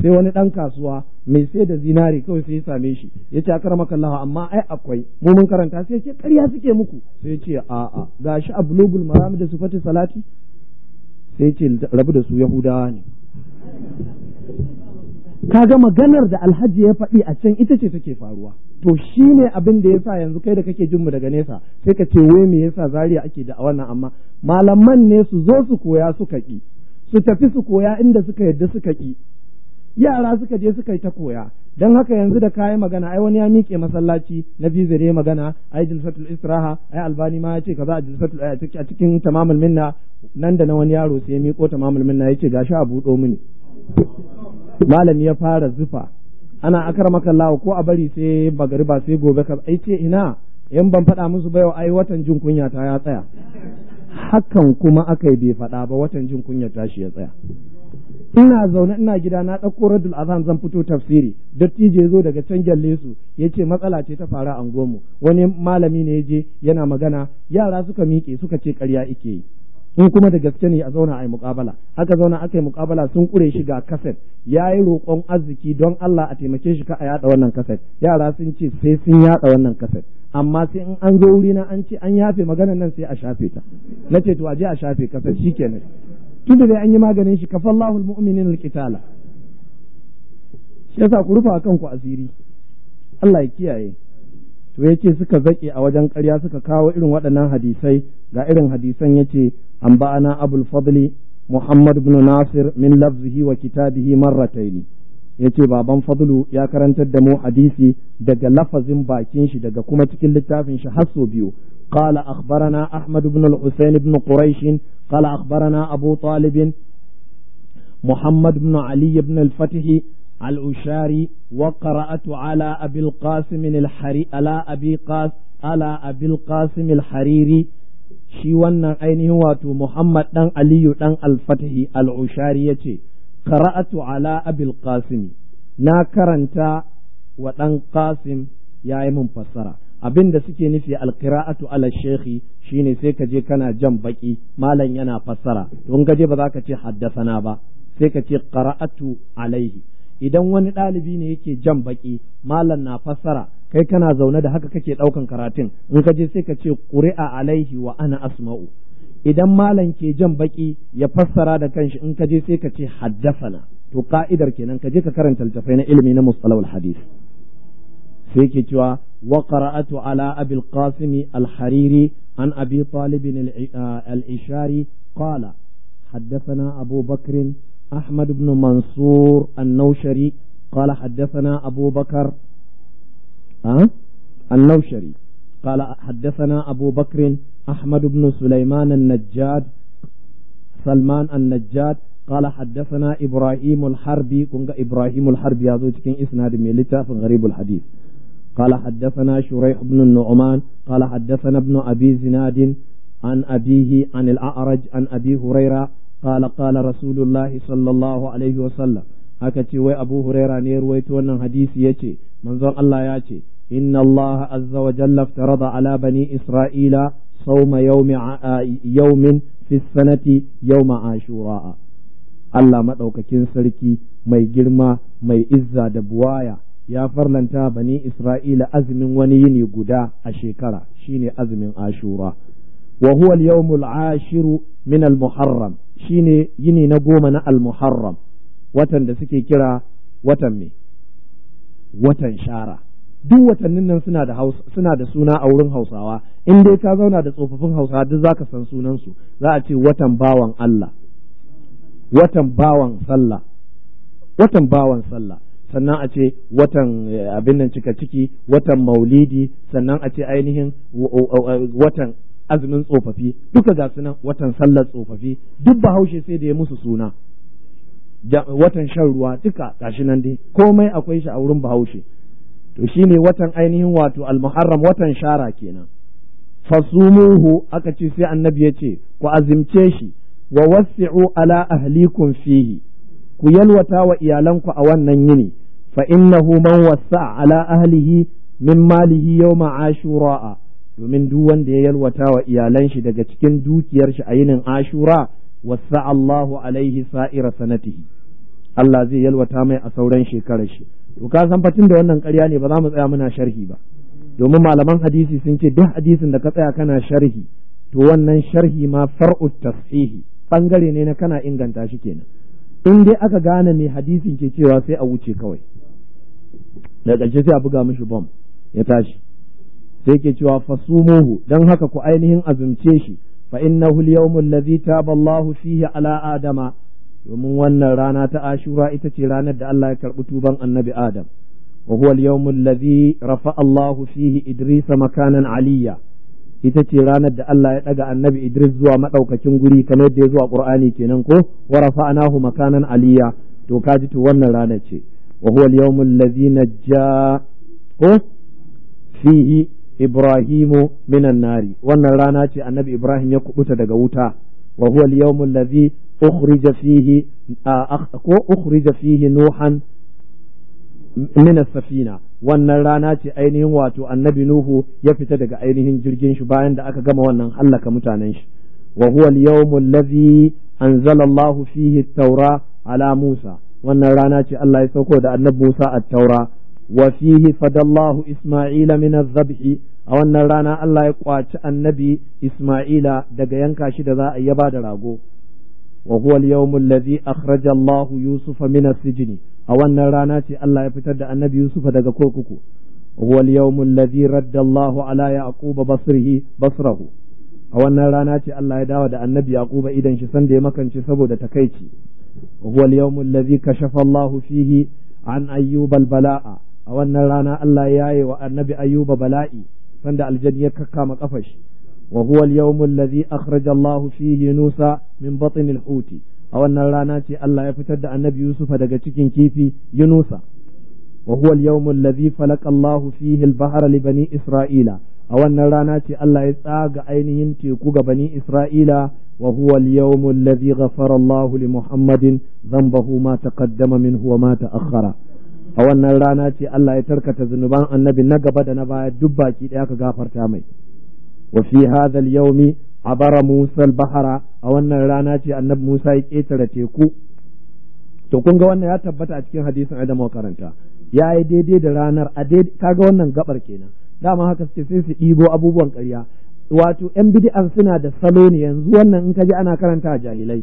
sai wani ɗan kasuwa mai sai da zinari kawai sai ya same shi ya ce akar makallaha amma ai akwai mu mun karanta sai ce ƙarya suke muku sai ce a'a shi a bulugul maramu da sifati salati sai ce rabu da su yahudawa ne Ka ga maganar da alhaji ya faɗi a can ita ce take faruwa to shi ne abin da yasa yanzu kai da kake jin mu daga nesa sai ka ce wai me yasa zaria ake da wannan amma malaman ne su zo su koya suka ki su tafi su koya inda suka yadda suka ki yara suka je suka yi ta koya don haka yanzu da kayan magana ai wani ya miƙe masallaci na bizire magana ai jilfatul israha ai albani ma ya ce kaza a jilfatul a cikin tamamul minna nan da na wani yaro sai ya miƙo tamamul minna ya ce gashi a buɗo mini malami ya fara zufa ana akar makallawa ko a bari sai magariba sai gobe ka ai ce ina in ban faɗa musu ba yau ai watan jin kunya ta ya tsaya hakan kuma aka yi bai faɗa ba watan jin kunya tashi ya tsaya ina zaune ina gida na ɗauko radul azan zan fito tafsiri dattijo ya zo daga can gyalle ya ce matsala ce ta fara angonmu wani malami ne ya je yana magana yara suka miƙe suka ce karya ike yi in kuma da gaske ne a zauna a yi muƙabala aka zauna aka yi mukabala sun ƙure shi ga kaset ya yi roƙon arziki don Allah a taimake shi ka a yaɗa wannan kaset yara sun ce sai sun yaɗa wannan kaset amma sai in an zo wurina an ce an yafe maganan nan sai a shafe ta na ce to a je a shafe kaset kenan. tun da an yi maganin shi kafallahu almu'minin alqitala shi yasa ku rufa kanku asiri Allah ya kiyaye to yace suka zake a wajen ƙarya suka kawo irin waɗannan hadisai ga irin hadisan yace an ba'ana abul fadli muhammad ibn nasir min lafzihi wa kitabihi marrataini yace baban fadlu ya karantar da mu hadisi daga lafazin bakin shi daga kuma cikin littafin shi har biyu قال أخبرنا أحمد بن الحسين بن قريش قال أخبرنا أبو طالب محمد بن علي بن الفتح الأشاري وقرأت على أبي القاسم الحري على أبي قاس على أبي القاسم الحريري shi wannan ainihin wato Muhammad ɗan Aliyu ɗan Alfatahi al'ushari ya ce, Kara'atu ala abil Qasim, na karanta wa ɗan Qasim ya yi min fassara. abin da suke nufi alqira'atu ala shekhi shine sai ka je kana jan baki malam yana fassara don ka je ba za ka ce haddasana ba sai ka ce qara'atu alaihi idan wani ɗalibi ne yake jan baki malam na fassara kai kana zaune da haka kake ɗaukan karatun in ka je sai ka ce ƙuri'a alaihi wa ana asma'u idan malam ke jan baki ya fassara da kanshi in ka je sai ka ce haddasana to ka'idar kenan ka je ka karanta littafai na ilimi na mustalahul hadis sai ke cewa وقرأت على أبي القاسم الحريري عن أبي طالب آه، الإشاري قال حدثنا أبو بكر أحمد بن منصور النوشري قال حدثنا أبو بكر آه؟ النوشري قال حدثنا أبو بكر أحمد بن سليمان النجاد سلمان النجاد قال حدثنا إبراهيم الحربي كنت إبراهيم الحربي هذا كان إسناد من غريب الحديث قال حدثنا شريح بن النعمان قال حدثنا ابن أبي زناد عن أبيه عن الأعرج عن أبي هريرة قال قال رسول الله صلى الله عليه وسلم أكتي وأبو هريرة نيرويت ونن حديث يتي منظر الله ياتي إن الله عز وجل افترض على بني إسرائيل صوم يوم يوم في السنة يوم عاشوراء Allah maɗaukakin sarki mai girma mai izza da buwaya ya farlanta bani Isra'ila azumin wani yini guda a shekara shine azumin Ashura wa huwa al ashiru min al-Muharram shine yini na goma na al-Muharram watan da suke kira watan me watan shara duk watannin nan suna da suna da suna a wurin Hausawa in dai ka zauna da tsofaffin Hausawa duk zaka san sunansu, za a ce watan bawan Allah watan bawan sallah watan bawan sallah sannan a ce watan eh, abin nan cika ciki watan maulidi sannan a ce ainihin eh, watan azumin tsofaffi duka ga nan watan sallar tsofaffi duk bahaushe sai da ya musu suna watan shan ruwa duka gashi nan dai komai akwai shi a wurin bahaushe to shine watan ainihin wato almuharram watan shara kenan fasumuhu aka ce sai annabi ya ce ku azimce shi wa wasi'u ala ahlikum fihi ku yalwata wa iyalanku a wannan yini fa innahu man wasa ala ahlihi min malihi yawma ashura'a domin duk wanda ya yalwata wa iyalan shi daga cikin dukiyar shi a yinin ashura wasa Allahu alaihi sa'ira sanatihi Allah zai yalwata mai a sauran shekarar shi to ka san fatin da wannan ƙarya ne ba za mu tsaya muna sharhi ba domin malaman hadisi sun ce duk hadisin da ka tsaya kana sharhi to wannan sharhi ma far'u tasfihi bangare ne na kana inganta shi kenan in dai aka gane mai hadisin ke cewa sai a wuce kawai da ƙarshe sai a buga mishi bom ya tashi sai ke cewa fasumuhu don haka ku ainihin azumce shi fa innahu al-yawmu allazi taba Allahu fihi ala adama domin wannan rana ta ashura ita ce ranar da Allah ya karbi tuban annabi adam wa huwa al-yawmu allazi rafa Allahu fihi idrisa makanan aliyya ita ce ranar da Allah ya daga annabi Idris zuwa madaukakin guri kamar da ya zuwa Qur'ani kenan ko wa rafa'nahu makanan aliyya to ka ji to wannan ranar ce wa huwa al-yawm alladhi najja ko fihi Ibrahimu minan nari wannan rana ce annabi Ibrahim ya kubuta daga wuta wa huwa al-yawm alladhi ukhrija fihi ko ukhrija fihi nuhan min as-safina wannan rana ce ainihin wato annabi nuhu ya fita daga ainihin jirgin shi bayan da aka gama wannan hallaka mutanen shi wa huwa al-yawmu allazi anzala Allahu fihi at-taura ala Musa wannan rana ce Allah ya sauko da annabi Musa at-taura wa fihi fadallahu Isma'ila min az a wannan rana Allah ya kwaci annabi Isma'ila daga yanka shi da za a yaba da rago wa huwa al-yawmu allazi akhraja Allahu Yusufa min as-sijni a wannan rana ce Allah ya fitar da annabi Yusufa daga kurkuku wal yawmul ladhi radda ala yaquba basrihi basrahu a wannan rana ce Allah ya dawo da annabi yaquba idan shi sanda ya makance saboda takaici wal yawmul ladhi kashafa Allahu fihi an ayyuba a wannan rana Allah ya yi wa annabi ayyuba bala'i sanda Aljanu ya kakkama kafar shi wa huwa al-yawmul ladhi akhraja Allahu fihi min batn al-huti a wannan rana ce Allah ya fitar da annabi Yusuf daga cikin kifi Yunusa wa huwa al-yawm alladhi falaqa Allah fihi al-bahra li bani Isra'ila a wannan rana ce Allah ya tsaga ainihin teku ga bani Isra'ila wa huwa al-yawm alladhi ghafara Allah li Muhammadin dhanbahu ma taqaddama minhu wa ma ta'akhkhara a wannan rana ce Allah ya tarkata zunuban annabi na gaba da na baya duk baki daya ka gafarta mai wa fi hadha al-yawmi abara Musa al-bahara a wannan rana ce annabi Musa ya ketare teku to kun ga wannan ya tabbata a cikin hadisin Adamu karanta ya yi daidai da ranar a daidai kaga wannan gabar kenan dama haka suke sai su ɗibo abubuwan ƙarya wato yan bid'an suna da salo ne yanzu wannan in ka ji ana karanta a jahilai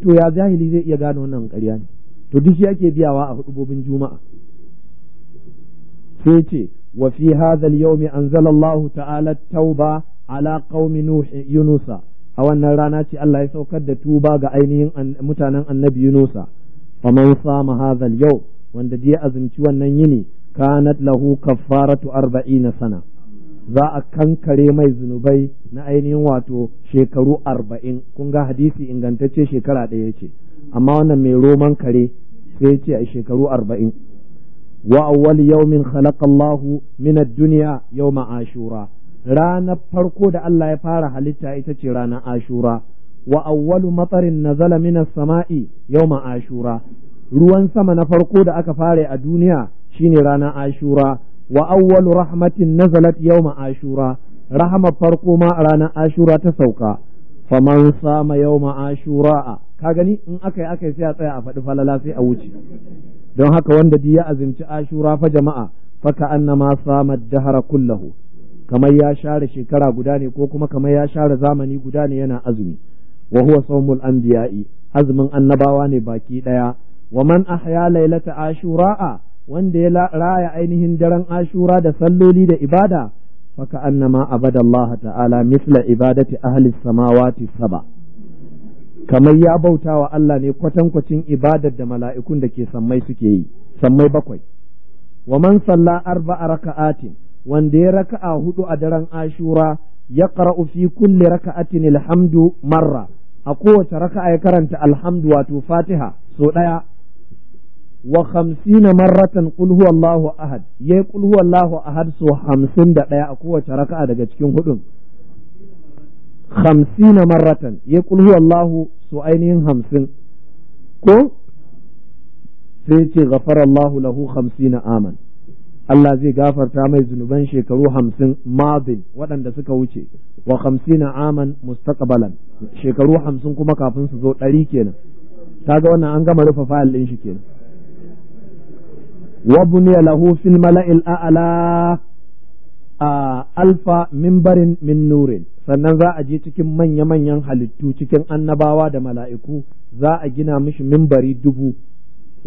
to ya jahili zai iya gane wannan ƙarya ne to duk shi ake biyawa a hudubobin juma'a sai ce wa fi hadha al-yawm anzala ta'ala tauba ala qaumi nuh yunusa a wannan rana ce Allah ya saukar da tuba ga ainihin mutanen annabi yunusa faman sama hadha yau wanda je azumci wannan yini kanat lahu kaffaratu arba'ina sana za a kankare mai zunubai na ainihin wato shekaru arba'in kun ga hadisi ingantacce shekara ɗaya ce amma wannan mai roman kare sai ce a shekaru arba'in wa awwal yawmin khalaqa Allahu min ad-dunya yawma ashura ranar farko da Allah ya fara halitta ita ce ranar ashura wa awwalu matsarin nazala minas sama'i yawma ashura ruwan sama na farko da aka fara a duniya shine ranar ashura wa awwalu rahmatin nazalat yawma ashura rahama farko ma a ranar ashura ta sauka faman sama yawma ashura ka gani in aka yi aka yi sai a tsaya a faɗi falala sai a wuce don haka wanda ya azumci ashura fa jama'a faka annama sama dahara kullahu kamar ya share shekara guda ne ko kuma kamar ya share zamani guda ne yana azumi wa huwa sawmul anbiya'i azumin annabawa ne baki daya wa man ahya lailata ashura'a wanda ya raya ainihin daren ashura da salloli da ibada faka annama abada Allah ta'ala misla ibadati ahli samawati saba kamar ya bautawa Allah ne kwatankwacin ibadar da mala'ikun da ke sammai suke yi sammai bakwai wa man salla arba'a raka'atin wanda ya raka'a hudu a daren ashura ya qara'u fi kulli raka'atin alhamdu marra a kowace raka'a ya karanta alhamdu wato fatiha so daya wa khamsina marratan qul huwallahu ahad yayi qul huwallahu ahad so daya a kowace raka'a daga cikin hudun khamsina marratan yayi qul huwallahu so ainihin hamsin ko sai ce ghafarallahu lahu khamsina aman Allah zai gafarta mai zunuban shekaru hamsin mazin waɗanda suka wuce wa hamsina aman mustaqbalan shekaru hamsin kuma kafin su zo ɗari kenan ta ga wannan an gama rufe fayil ɗin shi kenan wa buniya lahu fil mala'il a'la a alfa minbarin min nurin sannan za a je cikin manya-manyan halittu cikin annabawa da mala'iku za a gina mishi minbari dubu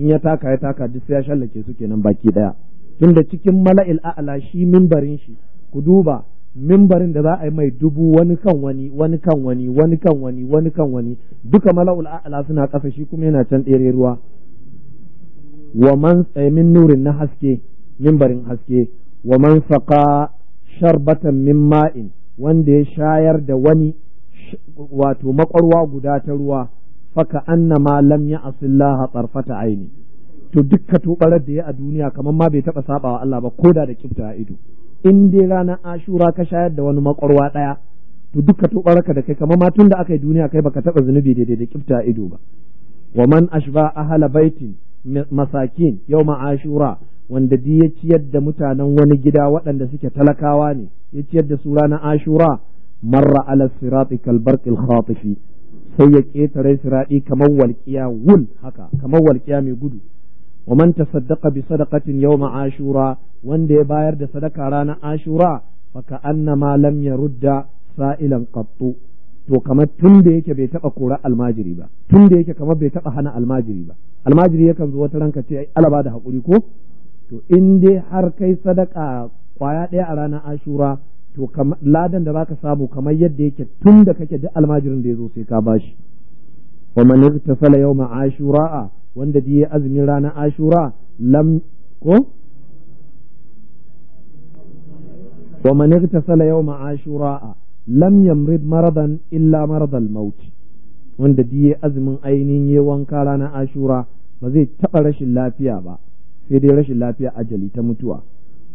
in ya taka ya taka duk sai ya shallake su kenan baki ɗaya tunda cikin mala'il a'la shi mimbarin shi ku duba mimbarin da za a yi mai dubu wani kan wani wani kan wani wani kan wani wani kan wani duka mala'ul a'la suna kasa shi kuma yana can tsere ruwa wa man min nurin na haske mimbarin haske wa man faqa sharbatan min ma'in wanda ya shayar da wani wato makwarwa guda ta ruwa faka annama lam ya asillaha tsarfata aini to dukka tubarar da ya a duniya kamar ma bai taba sabawa Allah ba koda da kibta a ido in dai ranar ashura ka shayar da wani makwarwa daya to dukka tubararka da kai kamar ma tun da aka yi duniya kai baka taba zunubi daidai da kibta a ido ba wa man ashba ahala baitin masakin yawma ashura wanda di ya ciyar da mutanen wani gida waɗanda suke talakawa ne ya ciyar da su ranar ashura marra ala sirati kalbarqil khatifi sai ya ƙetare siraɗi kamar walƙiya wul haka kamar walƙiya mai gudu wa man tasaddaqa bi sadaqatin yawma ashura wanda ya bayar da sadaka ranar ashura fa ka annama lam yarudda sa'ilan qattu to kamar tun da yake bai taba kora almajiri ba tun da yake kamar bai taba hana almajiri ba almajiri yakan zo wata ranka ce alaba da hakuri ko to in dai har kai sadaka kwaya ɗaya a rana ashura to ladan da baka samu kamar yadda yake tun da kake da almajirin da ya zo sai ka bashi wa man irtasala yawma ashura'a wanda ya azumin ranar ashura lam ko wa man igtasala yawma ashura lam yamrid maradan illa maradal maut wanda ya azumin ainihin ya wanka ranar ashura ba zai taɓa rashin lafiya ba sai dai rashin lafiya ajali ta mutuwa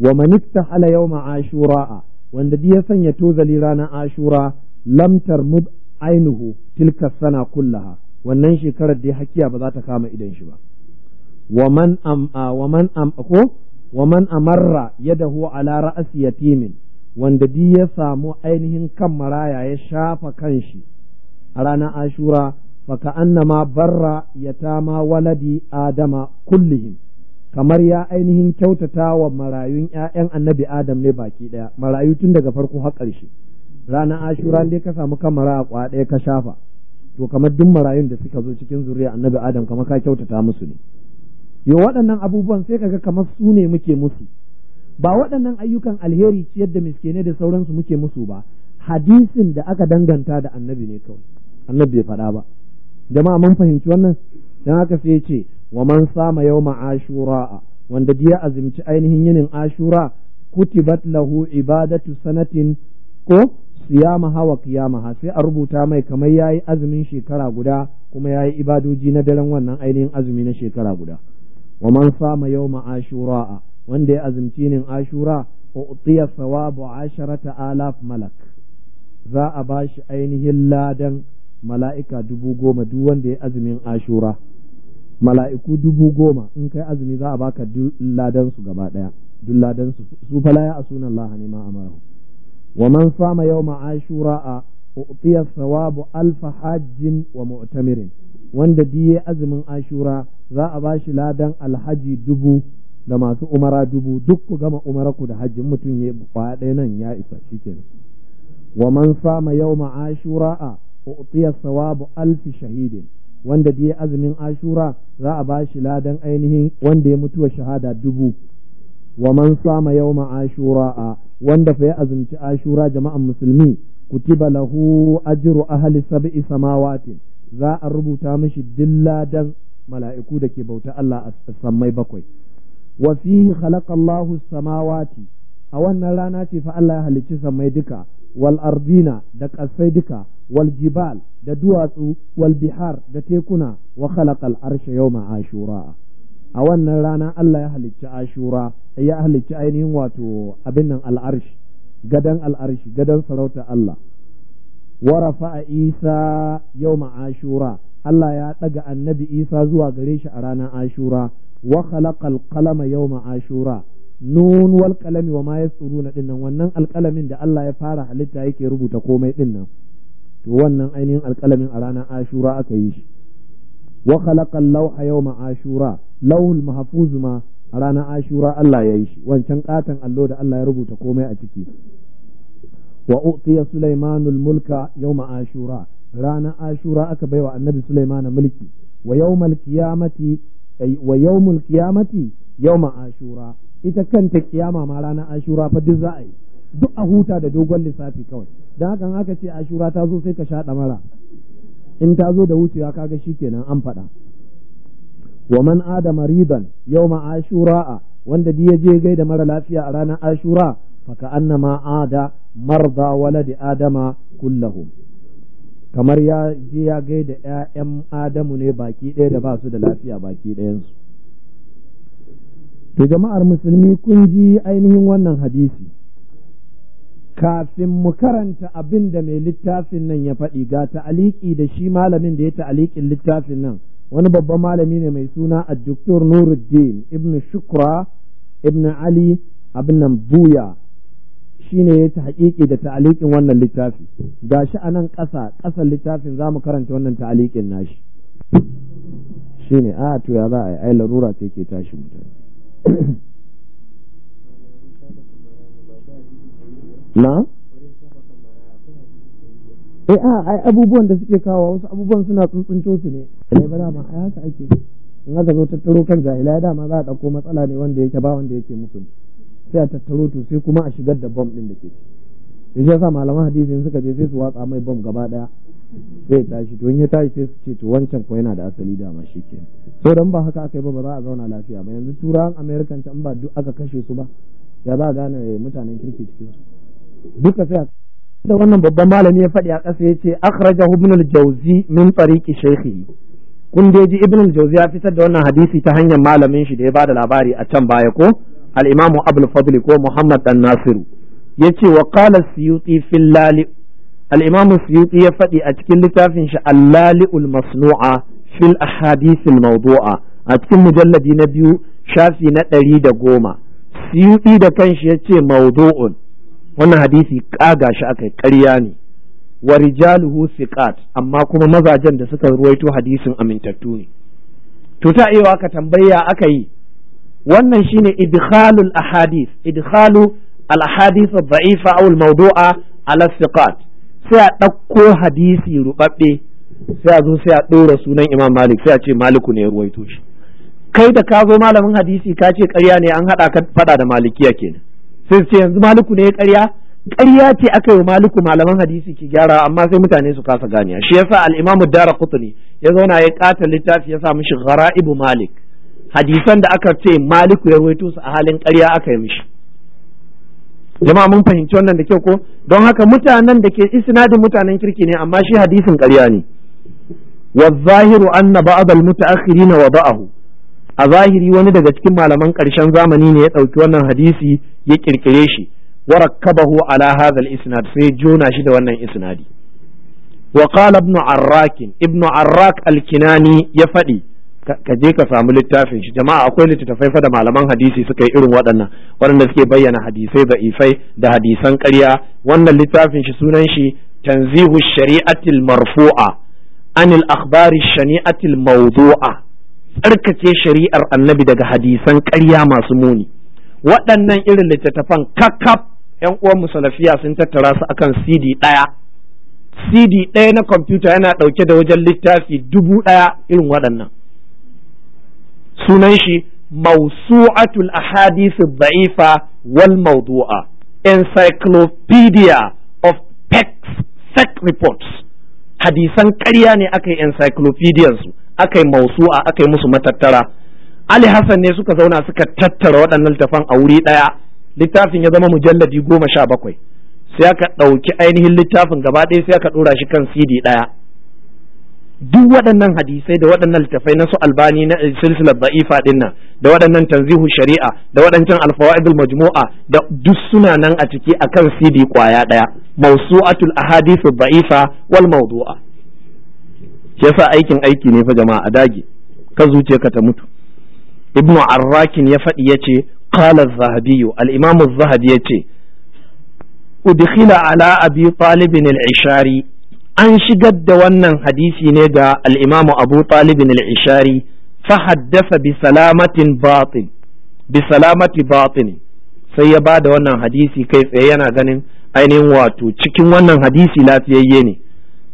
wa man igtasala yawma ashura wanda ya sanya tozali ranar ashura lam tarmud ainihu tilka sana kullaha wannan shekarar dai hakiya ba za ta kama idan shi ba waman am waman am ko waman amarra yadahu ala ra'si yatimin wanda di ya samu ainihin kan maraya ya shafa kanshi a ranar ashura faka annama barra yatama waladi adama kullihim kamar ya ainihin kyautata wa marayun ‘ya'yan annabi Adam ne baki ɗaya, marayu tun daga farko har ƙarshe, ranar ashura dai ka samu kamara a ɗaya ka shafa, to kamar duk marayun da suka zo cikin zuriya annabi adam kamar ka kyautata musu ne yo waɗannan abubuwan sai kaga kamar su ne muke musu ba waɗannan ayyukan alheri ci da miskene da sauransu muke musu ba hadisin da aka danganta da annabi ne kawai annabi bai faɗa ba jama'a mun fahimci wannan dan haka sai ce wa man sama yawma ashura wanda diya azumci ainihin yinin ashura kutibat lahu ibadatu sanatin ko siyama hawa ha sai a rubuta mai kamar yayi azumin shekara guda kuma yayi ibadoji na daren wannan ainihin azumi na shekara guda wa man sama yawma ashura wanda ya azumci nin ashura u'tiya asharata alaf malak za a bashi ainihin ladan mala'ika dubu goma duk wanda ya azumin ashura mala'iku dubu goma in kai azumi za a baka duk ladan su gaba daya duk ladan su su fala ya asuna Allah ne ma amaru wa man sama yawma ashura u'tiya thawabu alf hajjin wa mu'tamirin wanda diye azumin ashura za a bashi ladan alhaji dubu da masu umara dubu duk ku gama ku da hajjin mutum ya kwaya ɗaya nan ya isa cikin. wa man sama yawma ashura u'tiya thawabu alf shahidin wanda diye azumin ashura za a bashi ladan ainihin wanda ya mutuwa shahada dubu wa man sama yawma ashura wanda fa ya azumci ashura jama'an musulmi kutiba lahu ajru ahli sab'i samawatin za a rubuta mishi dilladan mala'iku da ke bauta Allah a sammai bakwai wa fihi allahu samawati a wannan rana ce fa Allah ya halicci sammai duka wal ardina da kasai duka wal jibal da duwatsu wal bihar da tekuna wa khalaqal arsha yawma ashura a wannan rana Allah ya halicci ashura ya halicci ainihin wato abin nan al'arshi gadan al'arshi gadan sarauta Allah warafa a Isa yau ashura Allah ya ɗaga annabi Isa zuwa gare shi a ranar ashura wa khalaqal qalama yawma ashura nun wal qalami wa ma yasuruna dinnan wannan alqalamin da Allah ya fara halitta yake rubuta komai dinnan to wannan ainihin alqalamin a ranar ashura aka yi shi wa khalaqal lawha yawma ashura lauhul mahfuz ma a ranar ashura Allah ya yi shi wancan katon allo da Allah ya rubuta komai a ciki wa uqiya sulaimanul mulka yawma ashura ranar ashura aka baiwa annabi sulaimana mulki wa yawmal qiyamati wa yawmul qiyamati yawma ashura ita kanta kiyama ma ranar ashura fa duk za a yi duk a huta da dogon lissafi kawai dan haka aka ce ashura ta zo sai ka sha mara in ta zo da wucewa kaga shikenan an faɗa wa man ada maridan yawma ashura'a wanda duk yaje gaida mara lafiya a ranar ashura faka annama ada marda waladi adama kullahum kamar ya je ya gaida ƴaƴan adamu ne baki ɗaya da ba su da lafiya baki ɗayansu to jama'ar musulmi kun ji ainihin wannan hadisi kafin mu karanta abin da mai littafin nan ya faɗi ga ta'aliki da shi malamin da ya ta'alikin littafin nan wani babban malami ne mai suna a doktor nuruddin ibn shukra ibn ali abin nan buya shi ne ya haƙiƙi da ta'alikin wannan littafi ga shi a nan ƙasa ƙasar littafin za mu karanta wannan ta'alikin nashi shi ne a to ya za a yi ai larura ce ke tashi mutane na eh a ai abubuwan da suke kawo wasu abubuwan suna tsuntsunto su ne sai ba dama a haka ake in aka zo tattaro kan jahilai dama za a ɗauko matsala ne wanda yake ba wanda yake musu sai a tattaro to sai kuma a shigar da bom ɗin da ke da shi sa malaman hadisi suka je sai su watsa mai bom gaba ɗaya sai ya tashi to in ya tashi sai su ce to wancan ko yana da asali dama shi ke so dan ba haka aka yi ba ba za a zauna lafiya ba yanzu turawan amerikan can ba duk aka kashe su ba ya za a gane mutanen kirki cikin su duka sai da wannan babban malami ya faɗi a ƙasa ya ce akhrajahu ibn al-jawzi min tariqi shaykhihi kun dai ji ibn jauzi ya fitar da wannan hadisi ta hanyar malamin shi da ya bada labari a can baya ko al-imamu abul fadli ko muhammad dan nasiru yace wa qala siyuti fil lali al-imamu siyuti ya faɗi a cikin littafin shi al-lali'ul masnu'a fil ahadith al-mawdu'a a cikin mujalladi na biyu shafi na ɗari da goma siyuti da kanshi yace mawdu'un wannan hadisi kaga shi akai ƙarya ne wa rijaluhu siqat amma kuma mazajen da suka ruwaito hadisin amintattu ne to ta iya ka tambaya aka yi wannan shine idkhalul ahadith idkhalu al ahadith ad da'ifa aw al mawdu'a ala siqat sai a ɗauko hadisi rubabbe sai a zo sai a ɗora sunan imam malik sai a ce maliku ne ya ruwaito shi kai da ka zo malamin hadisi ka ce ƙarya ne an haɗa ka faɗa da malikiya kenan sai su ce yanzu maliku ne ya ƙarya ƙarya ce aka yi maliku malaman hadisi ke gyara amma sai mutane su kasa ganiya shi yasa al imamu darqutni ya zauna ya kata littafi ya sa mishi ghara'ibu malik hadisan da aka ce maliku ya rawaito su a halin ƙarya aka yi mishi jama'a mun fahimci wannan da kyau ko don haka mutanen da ke isnadin mutanen kirki ne amma shi hadisin ƙarya ne wa zahiru anna ba'd al-muta'akhirin wa ba'ahu. a zahiri wani daga cikin malaman ƙarshen zamani ne ya ɗauki wannan hadisi ya kirkire shi wa rakkabahu ala hadha al sai jona shi da wannan isnadi wa qala ibn arrak arrak al-kinani ya faɗi ka je ka samu littafin shi jama'a akwai littattafai fa da malaman hadisi suka yi irin waɗannan waɗanda suke bayyana hadisai da'ifai da hadisan karya. wannan littafin shi sunan shi tanzihu shari'atil marfu'a anil akhbari shani'atil mawdu'a tsarkake shari'ar annabi daga hadisan karya masu muni waɗannan irin littattafan kakaf yan uwan mu sun tattara su akan CD ɗaya CD ɗaya na kwamfuta yana ɗauke da wajen littafi dubu ɗaya irin waɗannan sunan shi mausu'atul ahadith da'ifa wal mawdu'a encyclopedia of fake reports hadisan karya ne aka yi encyclopedian su aka yi mausu'a aka yi musu matattara Ali Hassan ne suka zauna suka tattara waɗannan littafan a wuri ɗaya littafin ya zama mujalladi goma sha bakwai sai aka ɗauki ainihin littafin gaba ɗaya sai aka ɗora shi kan cd ɗaya duk waɗannan hadisai da waɗannan littafai na su albani na eh, silsilar da'ifa ɗin nan da waɗannan tanzihu shari'a da waɗancan alfawaidul majmu'a da duk suna nan a ciki akan cd ƙwaya ɗaya mawsu'atul ahadithu da'ifa wal mawdu'a yasa aikin aiki ne fa jama'a a dage zuce ka ta mutu ibnu arrakin ya faɗi ya ce qala az-zahabi al-imam az-zahabi yace udkhila ala abi talib an shigar da wannan hadisi ne ga al'imamu imam abu talib al-ishari fa haddatha bi salamatin batin bi salamati batin sai ya bada wannan hadisi kai tsaye yana ganin ainihin wato cikin wannan hadisi lafiyayye ne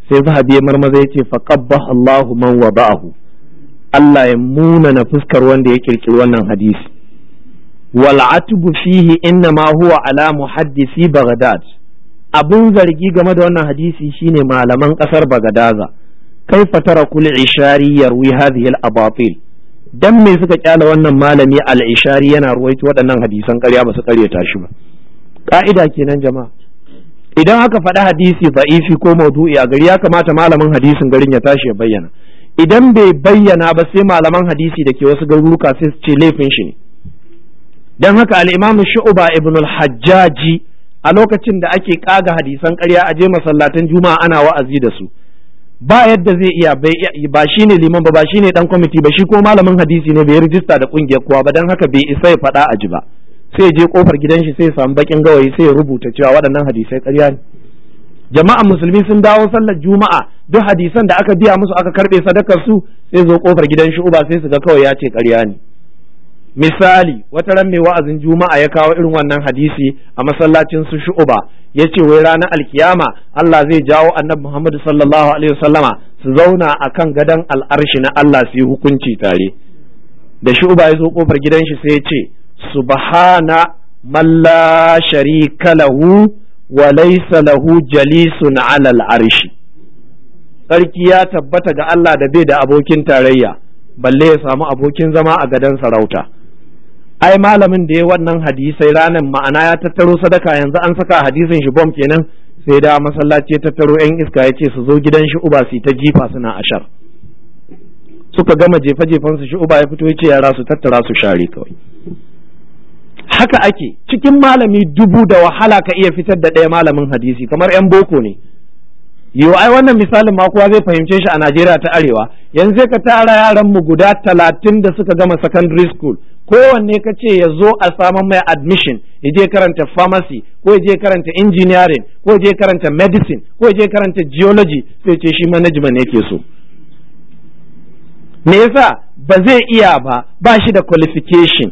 sai zahabi ya marmaza yace fa qabbaha Allahu man wada'ahu Allah ya muna na fuskar wanda ya kirkiri wannan hadisi والعتب فيه fihi innama huwa ala muhaddisi baghdad abin zargi game da wannan hadisi shine malaman kasar bagadaza fatara kul ishari yarwi hadhihi al dan me suka kyala wannan malami al-ishari yana ruwaito waɗannan hadisan ƙarya ba su ƙaryata shi ba ka'ida kenan jama'a idan aka faɗi hadisi da'ifi ko maudu'i a gari ya kamata malamin hadisin garin ya tashi ya bayyana idan bai bayyana ba sai malaman hadisi da ke wasu garuruka sai su ce laifin shi ne don haka al'imamu shu'uba ibn al-hajjaji a lokacin da ake kaga hadisan ƙarya a je masallatan juma'a ana wa'azi da su ba yadda zai iya ba shi ne liman ba ba shi ne ɗan kwamiti ba shi ko malamin hadisi ne bai rijista da kungiyar kowa ba don haka bai isa ya faɗa a ji ba sai je kofar gidan shi sai samu bakin gawayi sai ya rubuta cewa waɗannan hadisai ƙarya ne jama'an musulmi sun dawo sallar juma'a duk hadisan da aka biya musu aka karɓe sadakar su sai zo kofar gidan shi sai su ga kawai ya ce ƙarya ne misali wata ran mai wa'azin juma'a ya kawo irin wannan hadisi a masallacin su shu'uba ya ce, wai ranar alkiyama Allah zai jawo annabi Muhammad sallallahu alaihi wasallama su zauna a kan gadon al'arshi na Allah su yi hukunci tare da shu'uba ya zo kofar gidan shi sai ya ce subhana man la sharika lahu wa laysa lahu jalisun ala al'arshi sarki ya tabbata ga Allah da bai da abokin tarayya balle ya samu abokin zama a gadon sarauta ai malamin da ya wannan hadisai ranar ma'ana ya tattaro sadaka yanzu an saka hadisin shi bom kenan sai da masallaci ya tattaro yan iska ya ce su zo gidan shi uba su ta jifa suna ashar suka gama jefa jefan su shi uba ya fito ya ce yara su tattara su share kawai haka ake cikin malami dubu da wahala ka iya fitar da ɗaya malamin hadisi kamar 'yan boko ne yiwu ai wannan misalin ma kowa zai fahimce shi a Najeriya ta Arewa yanzu ka tara yaran mu guda talatin da suka gama secondary school kowanne ka ce ya zo a samun mai admission ya je karanta pharmacy ko ya je karanta engineering ko ya je karanta medicine ko ya je karanta geology sai ce shi management yake so me yasa ba zai iya ba ba shi da qualification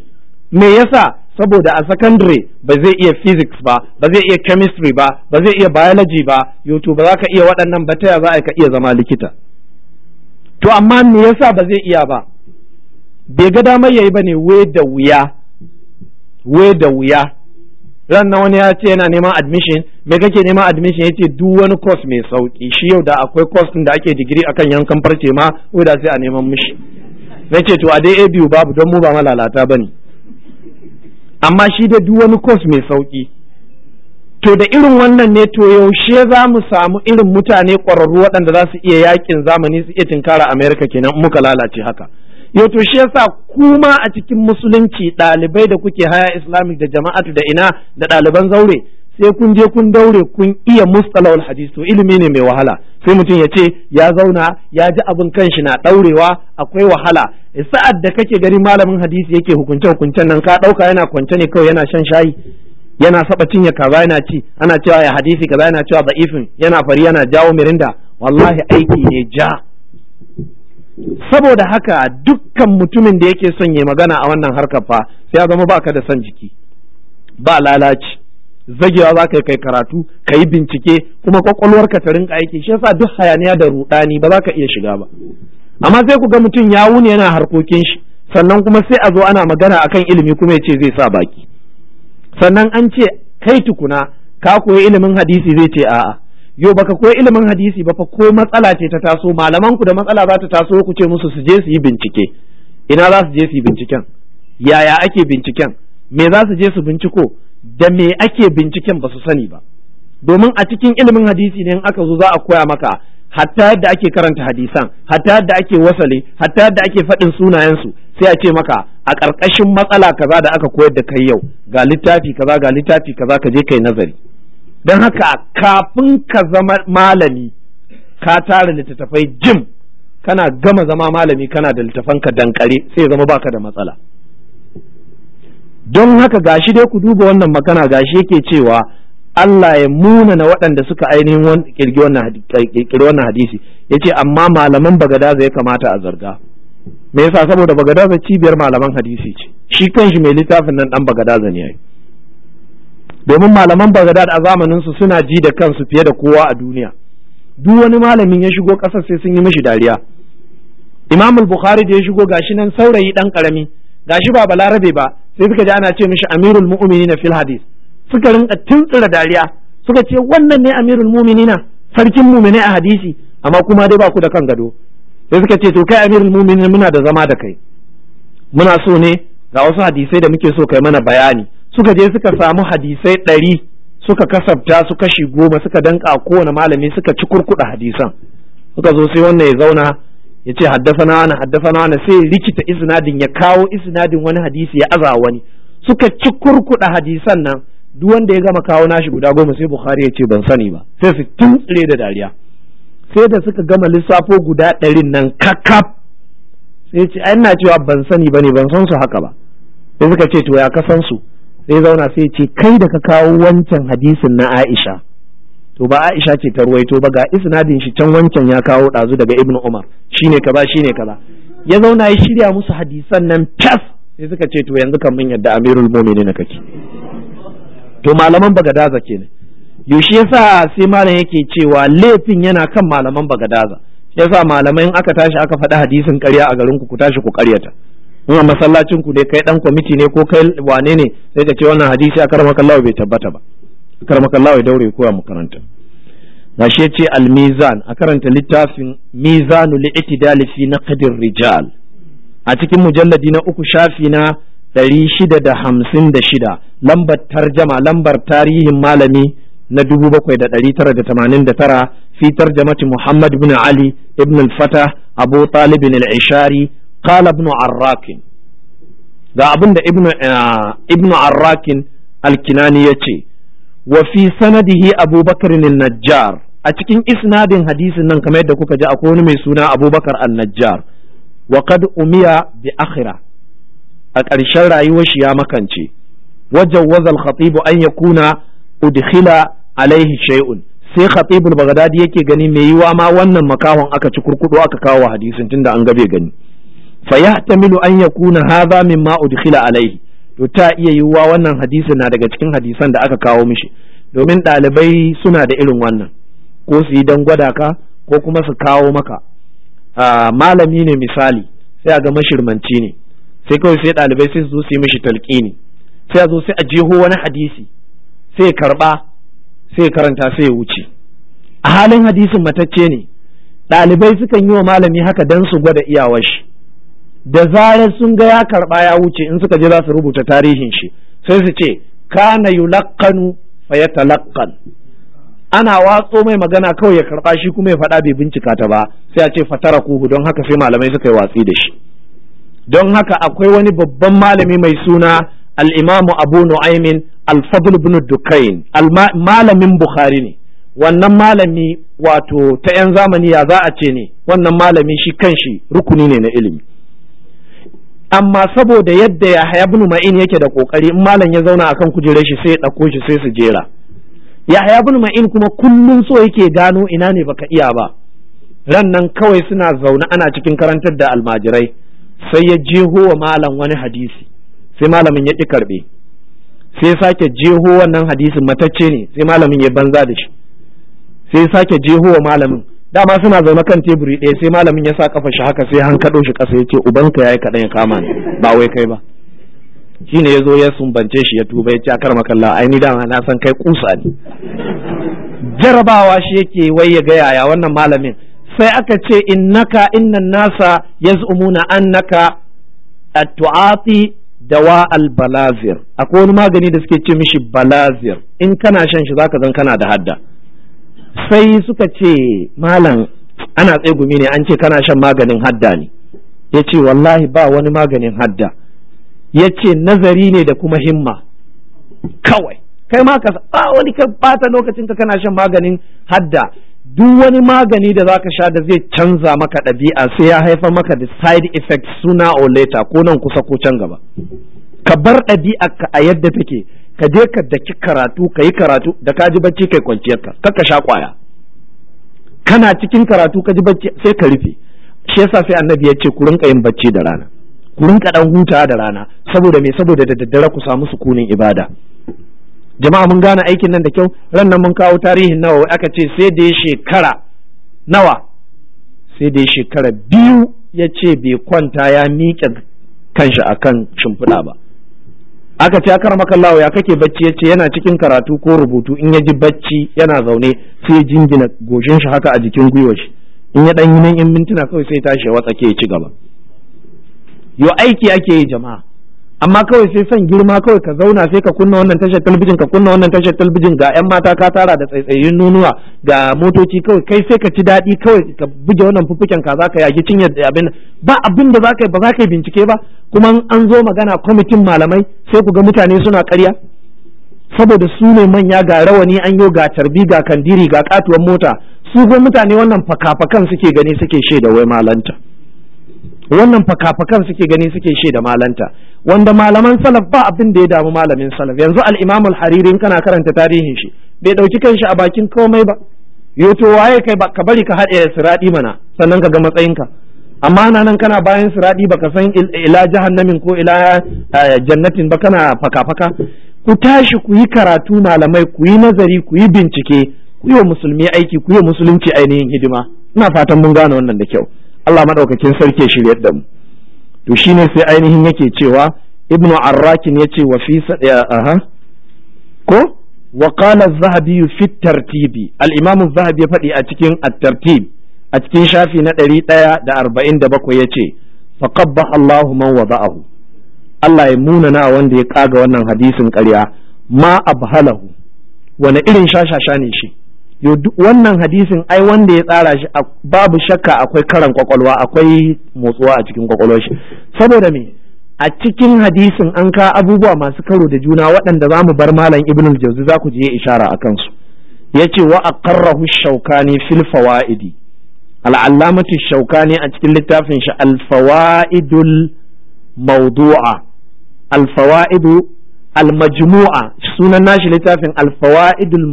me yasa saboda a secondary ba zai iya physics ba ba zai iya chemistry ba ba zai iya biology ba yoto ba za ka iya waɗannan ba ta ya za a iya zama likita to amma me yasa ba zai iya ba bai ga damar yayi ne we da wuya we da wuya ran na wani ya ce yana neman admission me kake neman admission Ya ce duk wani course mai sauki shi yau da akwai course ɗin da ake digiri akan yankan farce ma wai da sai a neman mishi ce to a dai ABU babu don mu ba malalata ne. amma shi da duk wani course mai sauki to da irin wannan ne to yaushe za mu samu irin mutane ƙwararru waɗanda za su iya yakin zamani su iya tinkara amerika kenan muka lalace haka yau to shi yasa kuma a cikin musulunci ɗalibai da kuke haya islamic da jama'atu da ina da ɗaliban zaure sai kun je kun daure kun iya mustalawul hadis to ilimi ne mai wahala sai mutum ya ce ya zauna ya ji abin kanshi na daurewa akwai wahala eh, sa'ad da kake gari malamin hadisi yake hukunce hukuncen nan ka dauka yana kwance ne kawai yana shan shayi yana saba cinye kaza yana ci ana cewa ya hadisi kaza yana cewa da'ifin yana fari yana jawo mirinda wallahi aiki ne ja saboda haka dukkan mutumin da yake son ya magana a wannan harkar fa sai ya zama baka da son jiki ba lalaci zagewa za ka yi kai karatu ka yi bincike kuma kwakwalwarka ta rinka aiki shi yasa duk hayaniya da rudani ba za ka iya shiga ba amma sai ku ga mutum ya wuni yana harkokin shi sannan kuma sai a zo ana magana akan ilimi kuma ya ce zai sa baki sannan an ce kai tukuna ka koyi ilimin hadisi zai ce a'a yau baka koyi ilimin hadisi ba fa ko matsala ce ta taso malaman ku da matsala za ta taso ku ce musu su je su yi bincike ina za su je su yi binciken yaya ake binciken me za su je su binciko da me ake binciken ba su sani ba domin a cikin ilimin hadisi ne in aka zo za a koya maka hatta yadda ake karanta hadisan hatta yadda ake wasale hatta yadda ake faɗin sunayensu sai a ce maka a ƙarƙashin matsala kaza da aka koyar da kai yau ga littafi kaza ga littafi kaza ka je kai nazari don haka kafin ka zama malami ka tara littattafai jim kana gama zama malami kana da littafanka dankare sai ya zama baka da matsala don haka gashi dai ku duba wannan magana gashi yake cewa Allah ya muna na waɗanda suka ainihin kirkiri wannan hadisi ya ce amma malaman bagadaza ya kamata a zarga me yasa saboda bagadaza cibiyar malaman hadisi ce shi kanshi mai littafin nan ɗan zai ne yayi domin malaman Baghdad a zamanin su suna ji da kansu fiye da kowa a duniya duk wani malamin ya shigo ƙasar sai sun yi mishi dariya Imam bukhari da ya shigo gashi nan saurayi dan karami gashi ba balarabe ba sai suka ji ana ce mishi Amirul Mu'minin fil hadith suka rinka tuntsura dariya suka ce wannan ne Amirul Mu'minin sarkin mu'mini a hadisi amma kuma dai ba ku da kan gado sai suka ce to kai Amirul Mu'minin muna da zama da kai muna so ne ga wasu hadisai da muke so kai mana bayani suka je suka samu hadisai ɗari suka kasafta su kashi goma suka danka kowane malami suka ci kurkuɗa hadisan suka zo sai wannan ya zauna ya ce haddafana wani haddafana wani sai rikita isnadin ya kawo isnadin wani hadisi ya aza wani suka ci kurkuɗa hadisan nan duk wanda ya gama kawo nashi guda goma sai bukhari ya ce ban sani ba sai su tuntsire da dariya sai da suka gama lissafo guda ɗarin nan kakaf sai ce ai ina cewa ban sani bane ban san su haka ba sai suka ce to ya kasan su sai zauna sai ce kai da ka kawo wancan hadisin na Aisha to ba Aisha ce ta ruwaito ba ga isnadin shi can wancan ya kawo ɗazu daga Ibn Umar shine kaza shine kaza ya zauna ya shirya musu hadisan nan fas sai suka ce to yanzu kan mun yadda Amirul Mu'minin kake to malaman Bagadaza kenan yaushe yasa sai malam yake cewa laifin yana kan malaman Bagadaza yasa malamai in aka tashi aka faɗi hadisin ƙarya a garin ku ku tashi ku ƙaryata in masallacin ku ne kai dan kwamiti ne ko kai wane ne sai ka ce wannan hadisi a karmaka Allah bai tabbata ba karmaka Allah ya daure koya mu karanta gashi ce al-mizan a karanta littafin mizanu mizanul i'tidal fi naqdir rijal a cikin mujalladi na uku shafi na ɗari shida da hamsin da shida lambar tarjama lambar tarihin malami na dubu bakwai da ɗari tara da tamanin da tara fi tarjamati Muhammad bin Ali ibn al-Fatah Abu Talib al-Ishari qala ibn arrakin ga abinda Ibnu arrakin alkinani ya ce wa fi abubakar najjar a cikin isnadin hadisin nan kamar yadda kuka ji akwai wani mai suna abubakar an-najjar wa qad umiya bi akhira a ƙarshen rayuwar shi ya makance wajawwaza al-khatib an yakuna udkhila alaihi shay'un sai khatibul bagdadi yake gani mai yiwa ma wannan makahon aka ci kurkudo aka kawo hadisin tunda an ga bai gani fa yahtamilu an yakuna hadha mimma udkhila alaihi to ta iya yiwuwa wannan hadisin na daga cikin hadisan da aka kawo mishi domin ɗalibai suna da irin wannan ko su yi don gwada ka ko kuma su kawo maka malami ne misali sai a ga mashirmanci ne sai kawai sai ɗalibai sai su zo su yi mishi talqini sai a zo sai a jeho wani hadisi sai karɓa sai karanta sai ya wuce a halin hadisin matacce ne ɗalibai sukan yi wa malami haka don su gwada iyawar shi da zarar sun ga ya karɓa ya wuce in suka je za su rubuta tarihin shi sai su ce kana lakkanu fa talakkan ana watso mai magana kawai ya karɓa shi kuma ya faɗa bai bincika ta ba sai a ce fatara kuhu don haka sai malamai suka yi watsi da shi don haka akwai wani babban malami mai suna al-imamu abu nu'aymin al-fadl dukain malamin bukhari ne wannan malami wato ta 'yan zamani ya za a ce ne wannan malami shi kanshi rukuni ne na ilimi amma saboda yadda ya haya bin ma'in yake da kokari in malam ya zauna akan kujerar shi sai ya ɗauko shi sai su jera ya haya bin ma'in kuma kullum so yake gano ina ne baka iya ba ran nan kawai suna zaune ana cikin karantar da almajirai sai ya jeho wa malam wani hadisi sai malamin ya ƙi karɓe sai sake jeho wannan hadisin matacce ne sai malamin ya banza da shi sai sake jeho wa malamin dama suna zaune kan teburi ɗaya sai malamin ya sa kafa shi haka sai han kaɗo shi ƙasa ya ce ubanka ya yi kaɗan ya kama ni ba wai kai ba shi ne ya zo ya sumbance shi ya tuba ya ce karma makalla ai ni dama na san kai kusa ne jarabawa shi yake wai ya gaya ya wannan malamin sai aka ce innaka innan nasa yaz'umuna annaka at-tu'ati dawa al-balazir akwai wani magani da suke ce mishi balazir in kana shan shi zaka zan kana da hadda sai suka ce malam ana tsegumi ne an ce kana shan maganin hadda ne ya ce wallahi ba wani maganin hadda ya ce nazari ne da kuma himma kawai kai ma ka ba wani ka bata lokacin ka kana shan maganin hadda duk wani magani da zaka sha da zai canza maka ɗabi'a sai ya haifar maka da side effects suna or later ko nan kusa ko can gaba ka bar ɗabi'a ka a yadda take ka je ka daki karatu ka yi karatu da ka ji bacci kai kwanciyarka, ka kar ka sha kwaya kana cikin karatu ka ji bacci sai ka rufe shi yasa sai annabi ya ce ku rinka yin bacci da rana ku rinka dan hutawa da rana saboda me saboda da daddare ku samu sukunin ibada jama'a mun gane aikin nan da kyau ran nan mun kawo tarihin nawa aka ce sai da shekara nawa sai da shekara biyu ya ce bai kwanta ya miƙe kanshi akan shimfiɗa ba aka ce akar makallawa ya kake bacci ya ce yana cikin karatu ko rubutu in ya ji bacci yana zaune sai jingina goshin shi haka a jikin gwiwar shi in ya dan yi nan in mintuna kawai sai tashi ya watsa ke ci gaba yo aiki ake yi jama'a amma kawai sai son girma kawai ka zauna sai ka kunna wannan tashar talbijin, ka kunna wannan tashar talbijin ga yan mata ka tara da tsaitsayin nunuwa ga motoci kawai kai sai ka ci daɗi kawai ka buge wannan fufuken ka zaka yaki cinyar abin ba abin da zaka yi ba zaka yi bincike ba kuma an zo magana kwamitin malamai sai ku ga mutane suna karya. saboda su ne manya ga rawani an yo ga tarbi ga kandiri ga katuwar mota su ga mutane wannan fakafakan suke gani suke shaida wai malanta wannan fakafakan suke gani suke shaida malanta wanda malaman salaf ba abin da ya damu malamin salaf yanzu al-imam al-hariri in kana karanta tarihin shi bai dauki kanshi a bakin komai ba yoto waye kai ba ka bari ka hade siradi mana sannan ka ga matsayinka amma na nan kana bayan siradi ba ka san ila jahannamin ko ila eh, jannatin ba kana fakafaka ku tashi ku yi karatu malamai ku yi nazari ku yi bincike ku yi musulmi aiki ku yi musulunci ainihin hidima ina fatan mun gane wannan da kyau Allah maɗaukakin sarki ya da mu to shine sai ainihin yake cewa ibnu arrakin yace wa fi aha ko wa qala az-zahabi fi tartibi al-imam az-zahabi ya faɗi a cikin at-tartib a cikin shafi na 147 yace faqabbaha Allahu man wada'ahu Allah ya munana wanda ya kaga wannan hadisin ƙarya ma abhalahu wani irin shashasha ne shi yo duk wannan hadisin ai wanda ya tsara shi babu shakka akwai karan kwakwalwa akwai motsuwa a cikin kwakwalwar shi saboda me a cikin hadisin an ka abubuwa masu karo da juna waɗanda za mu bar malam ibn al-jawzi za ku je ishara akan su yace wa aqarrahu shawkani fil fawaidi al-allamatu shawkani a cikin littafin shi al-fawaidul mawdu'a al-fawaidu al sunan nashi littafin al-fawaidul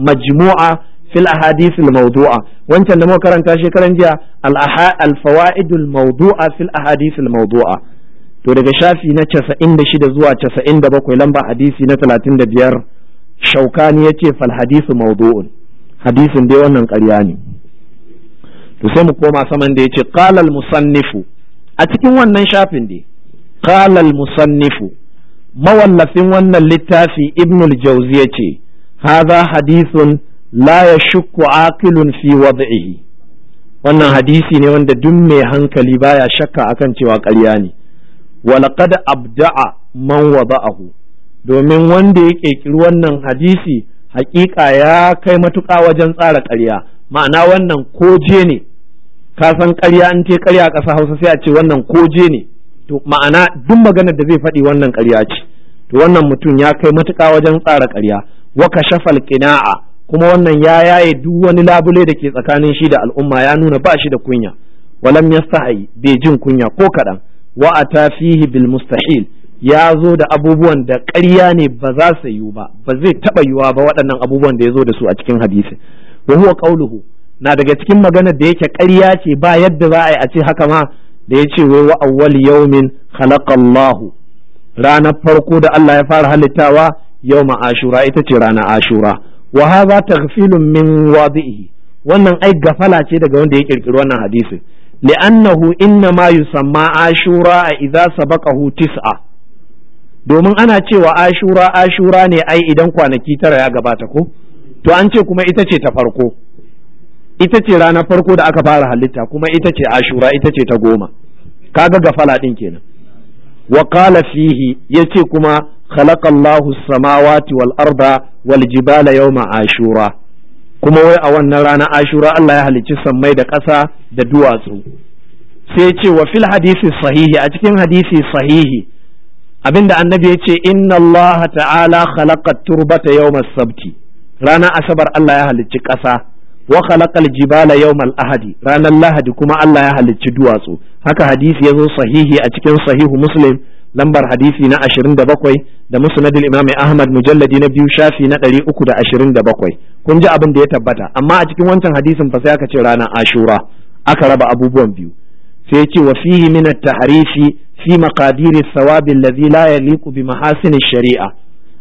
majmu'a fil ahadith wancan da muka karanta shekaran jiya al-fawaidul mawdu'a to daga shafi na shida, zuwa bakwai lamba hadisi na 35 shaukani yace fal hadithu mawdu'un hadisin dai wannan ƙarya ne to sai mu koma saman da yace qala al-musannifu a cikin wannan shafin dai qala al-musannifu mawallafin wannan littafi ibnul jauzi ya ce haza hadithun la ya shukku aqilun fi wad'ihi wannan hadisi ne wanda duk mai hankali baya shakka akan cewa ƙarya ne walaqad abda'a man wada'ahu domin wanda ya ƙirƙiri wannan hadisi hakika ya kai matuƙa wajen tsara ƙarya ma'ana wannan koje ne ka san ƙarya in ce ƙarya a ƙasa Hausa sai a ce wannan koje ne to ma'ana duk maganar da zai faɗi wannan ƙarya ce to wannan mutum ya kai matuƙa wajen tsara ƙarya wa shafal qina'a kuma wannan ya yaye duk wani labule da ke tsakanin shi da al'umma ya nuna ba shi da kunya walam yastahi bai jin kunya ko kaɗan wa ata fihi bil mustahil ya zo da abubuwan da ƙarya ne ba za su yiwu ba ba zai taɓa yiwuwa ba waɗannan abubuwan da ya zo da su a cikin hadisi wa huwa qawluhu na daga cikin maganar da yake ƙarya ce ba yadda za a yi a ce haka ma da ya ce wai wa awwal yawmin Allah ranar farko da Allah ya fara halittawa yawma ashura ita ce rana ashura wa hadha taghfilun min wadihi wannan ai gafala ce daga wanda ya kirkiri wannan hadisin li'annahu innama yusamma ashura idza sabaqahu tis'a domin ana cewa ashura ashura ne ai idan kwanaki tara ya gabata ko to an ce kuma ita ce ta farko ita ce ranar farko da aka fara halitta kuma ita ce ashura ita ce ta goma kaga gafala din kenan wa qala fihi yace kuma khalaqallahu samawati wal arda wal jibala yawma ashura kuma wai a wannan rana ashura Allah ya halicci sammai da ƙasa da duwatsu sai ce wa fil hadisi sahihi a cikin hadisi sahihi abinda annabi ya ce inna Allah ta'ala khalaqa turbata yawma sabti ranar asabar Allah ya halicci ƙasa wa khalaqal jibala yawmal ahadi ranar lahadi kuma Allah ya halicci duwatsu haka hadisi yazo sahihi a cikin sahihu muslim lambar hadisi na 27 da musnadul imam ahmad mujalladi na biyu shafi na 327 kun ji abin da ya tabbata amma a cikin wancan hadisin fa sai aka ce ranar ashura aka raba abubuwan biyu sai ya ce wa fihi min at-tahrifi fi maqadiri thawabi alladhi la yaliqu bi mahasin shari'a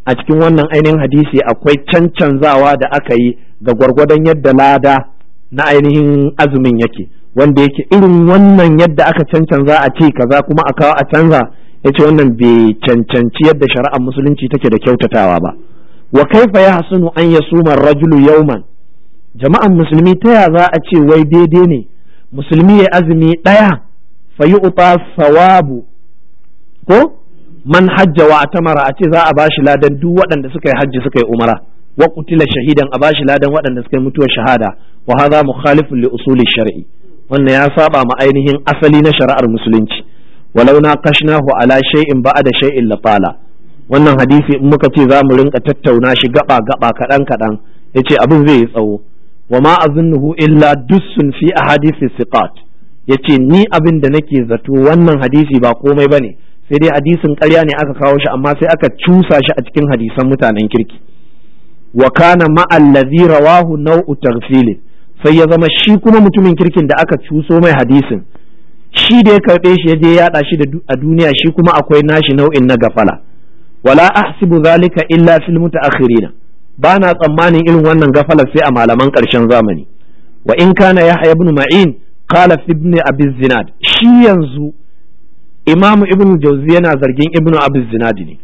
a cikin wannan ainihin hadisi akwai cancanzawa da aka yi ga gwargwadon yadda lada na ainihin azumin yake wanda yake irin wannan yadda aka cancanza a ce kaza kuma a kawo a canza ya ce wannan bai cancanci yadda shari'ar musulunci take da kyautatawa ba wa kaifa ya hasunu an ya suma rajulu yauman jama'an musulmi ta ya za a ce wai daidai ne musulmi ya azumi ɗaya fa yi sawabu ko man hajja wa tamara a ce za a bashi ladan duk waɗanda suka yi hajji suka yi umara wa shahidan a bashi ladan waɗanda suka yi mutuwar shahada wa hadha mukhalifun li usuli shar'i wannan ya saba ma ainihin asali na shari'ar musulunci walau na kashnahu ala shay'in ba'da shay'in latala wannan hadisi in muka ce za mu rinka tattauna shi gaba gaba kaɗan kaɗan yace abin zai yi tsawo wa ma azunnuhu illa dussun fi ahadisi siqat yace ni abin da nake zato wannan hadisi ba komai bane sai dai hadisin ƙarya ne aka kawo shi amma sai aka cusa shi a cikin hadisan mutanen kirki wakana ma'allazi rawahu nau'u tagfilin sai ya zama shi kuma mutumin kirkin da aka cuso mai hadisin shi da ya karɓe shi ya je ya shi a duniya shi kuma akwai nashi nau'in na gafala wala ahsibu zalika illa fil mutaakhirina ba na tsammanin irin wannan gafalar sai a malaman ƙarshen zamani wa in kana yahya ibn ma'in qala fi ibn abi zinad shi yanzu imam ibn jawzi yana zargin ibn abi zinad ne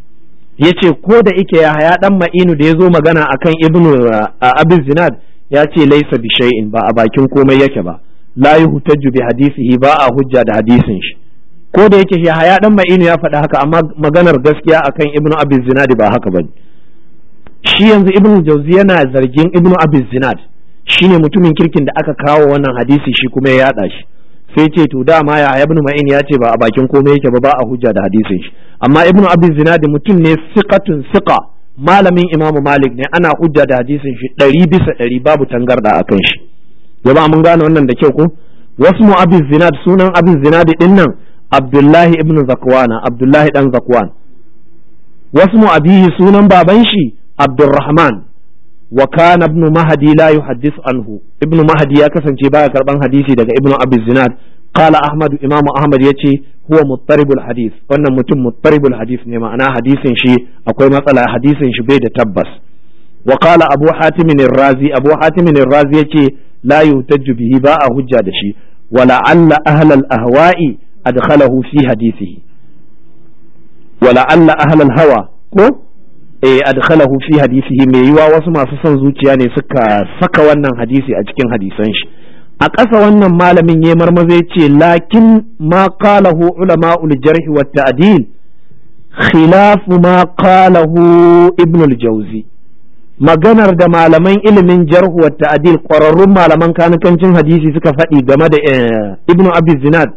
Ya ce, ko da ike ya haya dan ma'inu da ya zo magana akan ibnu uh, abin zinad ya ce laisa bi shay'in ba a bakin komai yake ba la hutajju bi hadisihi ba a hujja da hadisin shi ko da yake ya haya dan ma'inu ya faɗa haka amma maganar gaskiya akan ibnu abin zinad ba haka bane shi yanzu ibnu jauzi yana zargin ibnu abin zinad ne mutumin kirkin da aka kawo wannan hadisi shi kuma ya yaɗa shi sai ce to dama ya ibn ma'in ya ce ba a bakin komai yake ba ba a hujja da hadisin shi amma ibn abi zinadi mutum ne siqatun siqa malamin imam malik ne ana hujja da hadisin shi ɗari bisa ɗari babu tangarda akan shi yaba mun gane wannan da kyau ko wasu mu abin zinad sunan abin zinadi din nan abdullahi ibn zakwana abdullahi dan zakwan wasu mu sunan baban shi abdurrahman wa kana ibn mahdi la yuhaddith anhu ibnu mahdi ya kasance baya karban hadisi daga ibnu abi zinad qala ahmad imam ahmad yace huwa muttaribul hadith wannan mutum muttaribul hadith ne ma'ana hadisin shi akwai matsala hadisin shi bai da tabbas wa qala abu hatim ar-razi abu hatim ar-razi yace la yuhtajju bihi ba a hujja da shi wala alla ahla al-ahwa'i adkhalahu fi hadithihi wala alla ahla al-hawa ko eh adkhalahu fi hadisihi mai yiwa wasu masu son zuciya ne suka saka wannan hadisi a cikin hadisan shi a ƙasa wannan malamin ya marmaza ya ce lakin ma qalahu ulama'ul jarh wa ta'dil khilafu ma qalahu ibn al-jawzi maganar da malaman ilimin jarh wa ta'dil ƙwararrun malaman kanukancin hadisi suka faɗi game da eh, ibn abi zinad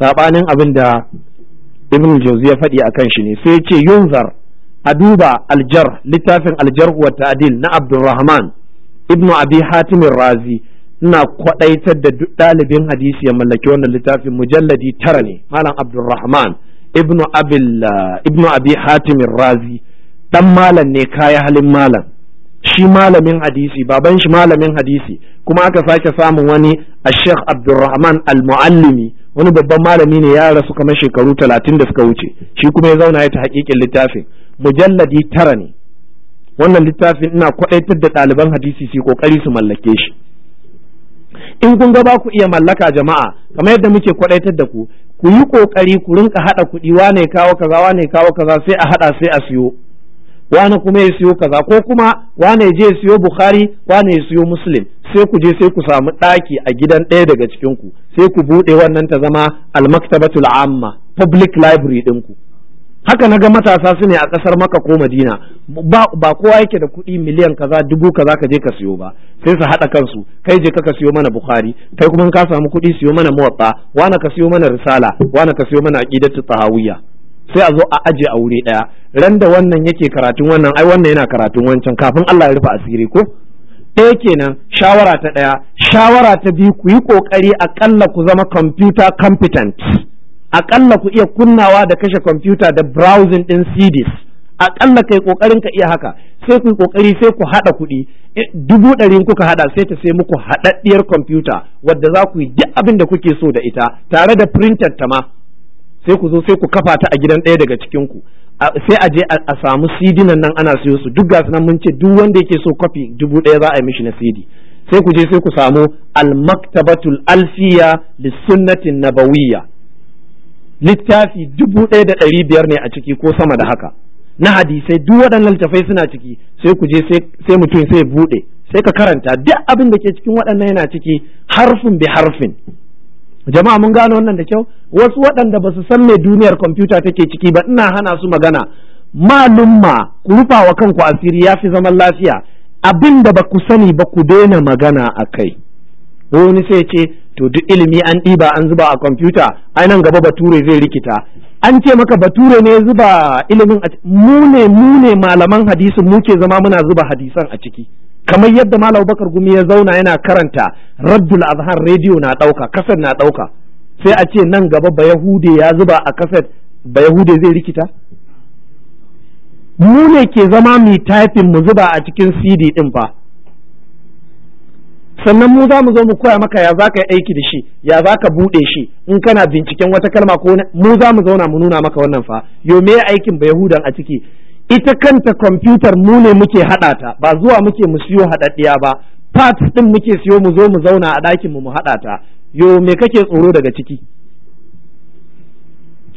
sabanin abin da ibn al-jawzi ya faɗi akan shi ne sai ya ce yunzar a duba aljar littafin aljar wa ta'adil na Abdulrahman ibnu Abi Hatimin Razi ina kwaɗaitar da duk ɗalibin hadisi ya mallaki wannan littafin mujalladi tara ne malam Abdulrahman ibnu Abil ibnu Abi Hatimin Razi dan malam ne kaya halin malam shi malamin hadisi baban shi malamin hadisi kuma aka sake samun wani a sheikh Abdulrahman al-muallimi wani babban malami ne ya rasu kamar shekaru talatin da suka wuce shi kuma ya zauna ya ta hakikin littafin mujalladi tara ne wannan littafin ina kwaɗaitar da ɗaliban hadisi su kokari su mallake shi in kun ga ba ku iya mallaka jama'a kamar yadda muke kwaɗaitar da ku ku yi kokari ku rinka haɗa kuɗi wane kawo kaza wane kawo kaza sai a haɗa sai a siyo wane kuma ya siyo kaza ko kuma wane ya je ya siyo bukhari wane ya siyo muslim sai ku je sai ku samu ɗaki a gidan ɗaya daga cikin ku sai ku buɗe wannan ta zama Al almaktabatul amma public library ɗinku haka na ga matasa su ne a ƙasar maka ko madina ba kowa yake da kuɗi miliyan kaza dubu kaza ka je ka siyo ba sai su haɗa kansu kai je ka siyo mana bukhari kai kuma ka samu kuɗi siyo mana muwatta wani ka siyo mana risala wani ka siyo mana aqidatu tahawiyya sai a zo a aje a wuri ɗaya ran da wannan yake karatun wannan ai wannan yana karatun wancan kafin Allah ya rufe asiri ko ɗaya kenan shawara ta ɗaya shawara ta biyu ku yi ƙoƙari aƙalla ku zama computer competent aƙalla ku iya kunnawa da kashe kwamfuta da browsing ɗin CDs aƙalla kai ƙoƙarin ka iya haka sai ku ƙoƙari sai ku haɗa kuɗi eh, dubu ɗari kuka haɗa sai ta sai muku haɗaɗɗiyar kwamfuta wadda za ku yi duk abin da kuke so da ita tare da printer ta ma sai ku zo sai ku kafa ta a gidan ɗaya daga cikin ku sai a je a samu CD nan nan ana siyo su duk ga nan mun ce duk wanda yake so kwafi dubu ɗaya za a yi mishi na CD sai ku je sai ku samu al-maktabatul alfiya lissunnatin nabawiyya littafi dubu ɗaya da ɗari biyar ne a ciki ko sama da haka na hadisai duk waɗannan littafai suna ciki sai ku je sai mutum sai buɗe sai ka karanta duk abin da ke cikin waɗannan yana ciki harfin bi harfin jama'a mun gano wannan da kyau wasu waɗanda ba su san me duniyar kwamfuta take ciki ba ina hana su magana malumma ku rufa wa kanku asiri ya fi zaman lafiya abin da ba ku sani ba ku daina magana a kai wani sai ce to duk ilimi an ɗiba an zuba a kwamfuta a nan gaba bature zai rikita an ce maka bature ne zuba ilimin a mu ne mu ne malaman hadisin ke zama muna zuba hadisan a ciki kamar yadda malam bakar gumi ya zauna yana karanta raddul azhar rediyo na ɗauka kaset na ɗauka sai a ce nan gaba ba yahude ya zuba a kaset ba yahude zai rikita mu ne ke zama mu typing mu zuba a cikin cd din fa sannan mu za mu zo mu koya maka ya za ka yi aiki da shi ya za ka buɗe shi in kana binciken wata kalma ko mu za mu zauna mu nuna maka wannan fa yo me aikin ba yahudan a ciki ita kanta kwamfutar mu ne muke haɗa ta ba zuwa muke mu siyo haɗaɗɗiya ba parts ɗin muke siyo mu zo mu zauna a ɗakin mu mu haɗa ta yo me kake tsoro daga ciki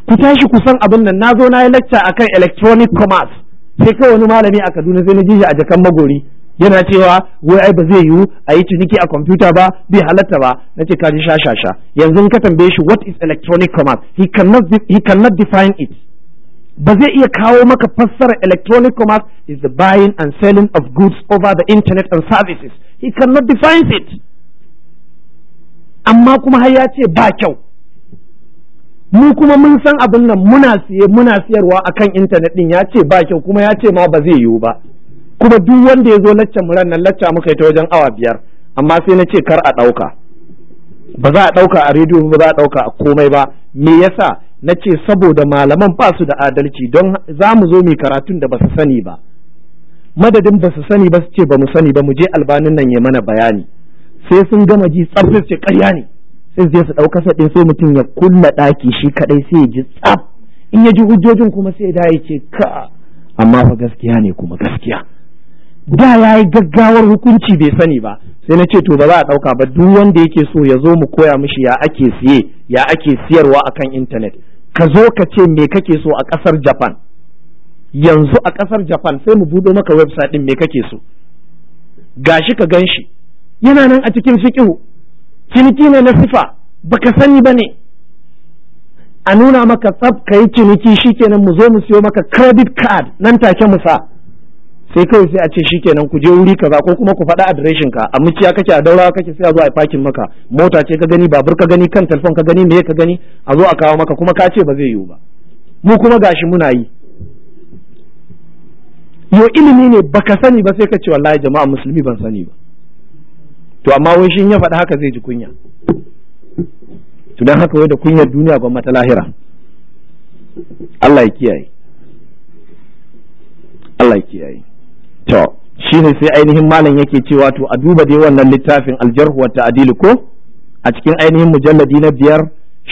ku tashi ku san abin nan na zo na yi lecture akan electronic commerce sai kai wani malami a Kaduna zai na ji shi a jakan magori yana cewa wai ai ba zai yiwu a yi ciniki a kwamfuta ba bai halatta ba na ce kaji sha sha sha yanzu ka tambaye shi what is electronic commerce he cannot define it ba zai iya kawo maka fassara electronic commerce is the buying and selling of goods over the internet and services he cannot define it amma kuma har ya ce ba kyau mu kuma mun san abin nan muna siye muna siyarwa akan intanet din ya ce ba kyau kuma ya ce ma ba zai yiwu ba kuma duk wanda ya zo laccan mu nan lacca muka yi ta wajen awa biyar amma sai na ce kar a ɗauka ba za a ɗauka a rediyo ba za a ɗauka a komai ba me yasa na ce saboda malaman ba su da adalci don za mu zo mu karatun da ba su sani ba madadin ba su sani ba su ce ba mu sani ba mu je albanin nan ya mana bayani sai sun gama ji tsaf su ce karya ne sai su su ɗauka saɗin sai mutum ya kulla ɗaki shi kaɗai sai ya ji tsaf in ya ji hujjojin kuma sai ya dawo ya ce ka amma fa gaskiya ne kuma gaskiya da ya yi gaggawar hukunci bai sani ba sai na ce to ba za a ɗauka ba duk wanda yake so ya zo mu koya mishi ya ake siye ya ake siyarwa a kan intanet ka zo ka ce me kake so a ƙasar japan yanzu a ƙasar japan sai mu buɗo maka website din me kake so Ga shi ka gan shi yana nan a cikin fikihu ciniki ne na sifa baka sani ba ne a nuna maka tsab ka yi ciniki shikenan mu zo mu siyo maka credit card nan take mu sa sai kawai sai a ce shikenan ku je wuri kaza ko kuma ku faɗa adireshin ka a muciya kake a daura kake sai a zo a fakin maka mota ce ka gani babur ka gani kan telefon ka gani meye ka gani a zo a kawo maka kuma ka ce ba zai yiwu ba mu kuma gashi muna yi yo ilimi ne baka sani ba sai ka ce wallahi jama'a musulmi ban sani ba to amma wai shin ya faɗa haka zai ji kunya to dan haka wai da kunyar duniya gwamma ta lahira Allah ya kiyaye Allah ya kiyaye to ne sai ainihin malam yake cewa to a duba dai wannan littafin aljarhu wa ta'dil ko a cikin ainihin mujalladi na biyar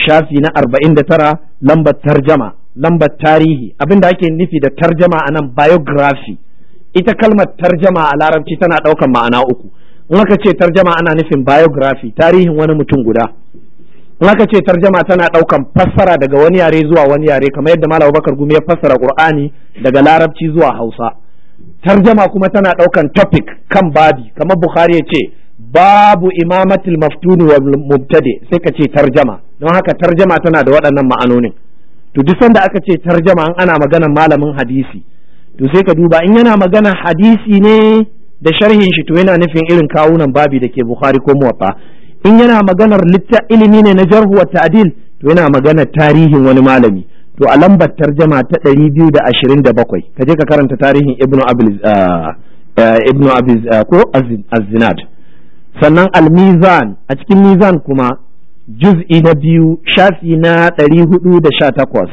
shafi na arba'in da tara lambar tarjama lambar tarihi abinda ake nufi da tarjama a nan biography ita kalmar tarjama a larabci tana ɗaukan ma'ana uku in aka ce tarjama ana nufin biography tarihin wani mutum guda in aka ce tarjama tana ɗaukan fassara daga wani yare zuwa wani yare kamar yadda malam bakar gumi ya fassara qur'ani daga larabci zuwa hausa tarjama kuma tana ɗaukan topic kan babi kamar bukhari ya ce babu imamatul maftuni wa mubtadi sai ka ce tarjama don haka tarjama tana da waɗannan ma'anonin to duk sanda aka ce tarjama an ana magana malamin hadisi to sai ka duba in yana magana hadisi ne da sharhin shi to yana nufin irin kawunan babi da ke bukhari ko muwaffa in yana maganar litta ilimi ne na jarhu wa ta'dil to yana maganar tarihin wani malami to a lambar tarjama ta 227 ka je ka karanta tarihin ibnu abil ah, eh, ibnu abiz ah, ko az-zinad sannan almizan a cikin mizan kuma juz'i na biyu shafi na 418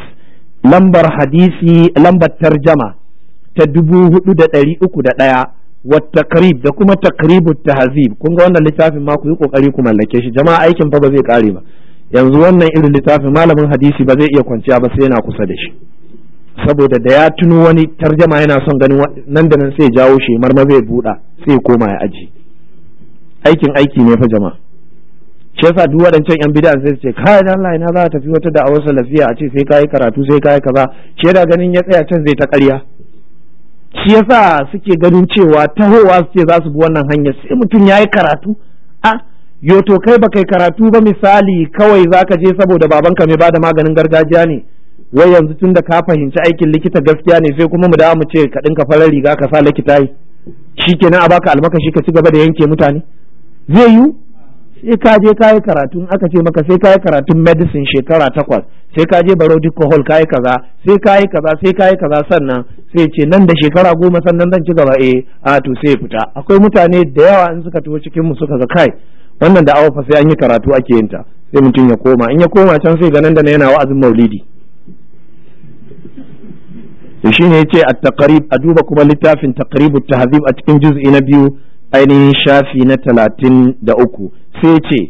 lambar hadisi lambar tarjama ta 4301 wa takrib da kuma takribu tahzib kun ga wannan littafin ma ku yi kokari ku mallake shi jama'a aikin fa ba zai kare ba yanzu wannan irin littafin malamin hadisi ba zai iya kwanciya ba sai yana kusa da shi saboda da ya tuno wani tarjama yana son ganin nan da nan sai jawo shi marma zai buɗa sai koma ya aji aikin aiki ne fa jama. shi yasa duk waɗancan yan bid'a sai ce kai dan Allah ina za ta tafi wata da'awar salafiya a ce sai kai karatu sai kai kaza shi da ganin ya tsaya can zai ta ƙarya shi yasa suke ganin cewa tahowa suke za su bi wannan hanyar sai mutum yayi karatu a ah, yo to kai ba kai karatu ba misali kawai za ka je saboda babanka mai bada maganin gargajiya ne wai yanzu tun da ka fahimci aikin likita gaskiya ne sai kuma mu dawo mu ce ka dinka farar riga ka sa likita yi shikenan a baka almakashi ka ci gaba da yanke mutane zai yiwu sai ka je ka yi karatu aka ce maka sai ka yi karatun medicine shekara takwas sai ka je duk hall ka yi kaza sai ka yi kaza sai ka yi kaza sannan sai ce nan da shekara goma sannan zan ci gaba eh a to sai fita akwai mutane da yawa in suka tuwo cikin mu suka ga kai wannan da fa sai an yi karatu ake yin ta sai mutum ya koma in ya koma can sai nan da yana wa'azin maulidi to shine yace at-taqrib a duba kuma littafin taqribut tahzib a cikin juz'i na biyu ainihin shafi na talatin da uku sai ce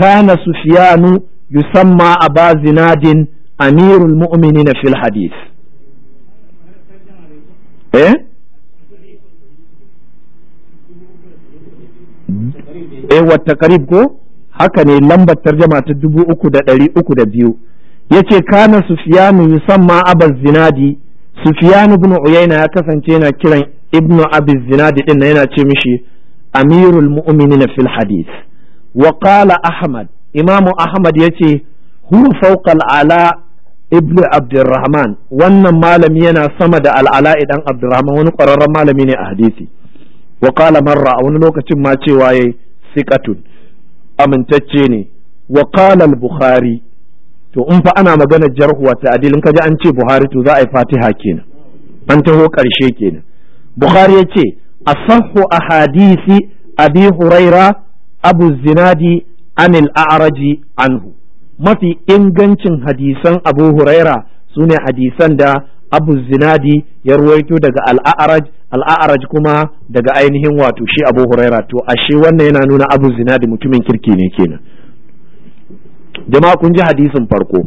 kana sufiyanu yusamma aba zinadin amirul na fil hadith eh eh wa karib ko haka ne lambar tarjama ta dubu uku da ɗari uku da biyu yace kana Sufiyanu musamman abaz zinadi Sufiyanu ibn uyaina ya kasance yana kiran ibn abi zinadi din yana ce mishi amirul mu'minina fil hadith wa qala ahmad imamu ahmad yace huwa fawqa ala ibn abdurrahman wannan malami yana sama da al'ala idan abdurrahman wani ƙwararren malami ne a hadisi wa qala marra a wani lokacin ma cewa yayi sikatun amintacce ne wa bukhari to in fa ana magana jarhuwa wa ta'dil in kaji an ce buhari to za a yi fatiha kenan an taho ƙarshe kenan bukhari yace asahhu ahadisi abi huraira abu zinadi anil a'raji anhu mafi ingancin hadisan abu huraira sune hadisan da abu zinadi ya ruwaito daga al'a'raj al'a'araj kuma daga ainihin wato shi abu huraira to ashe wannan yana nuna abu zina da mutumin kirki ne kenan jama'a kun ji hadisin farko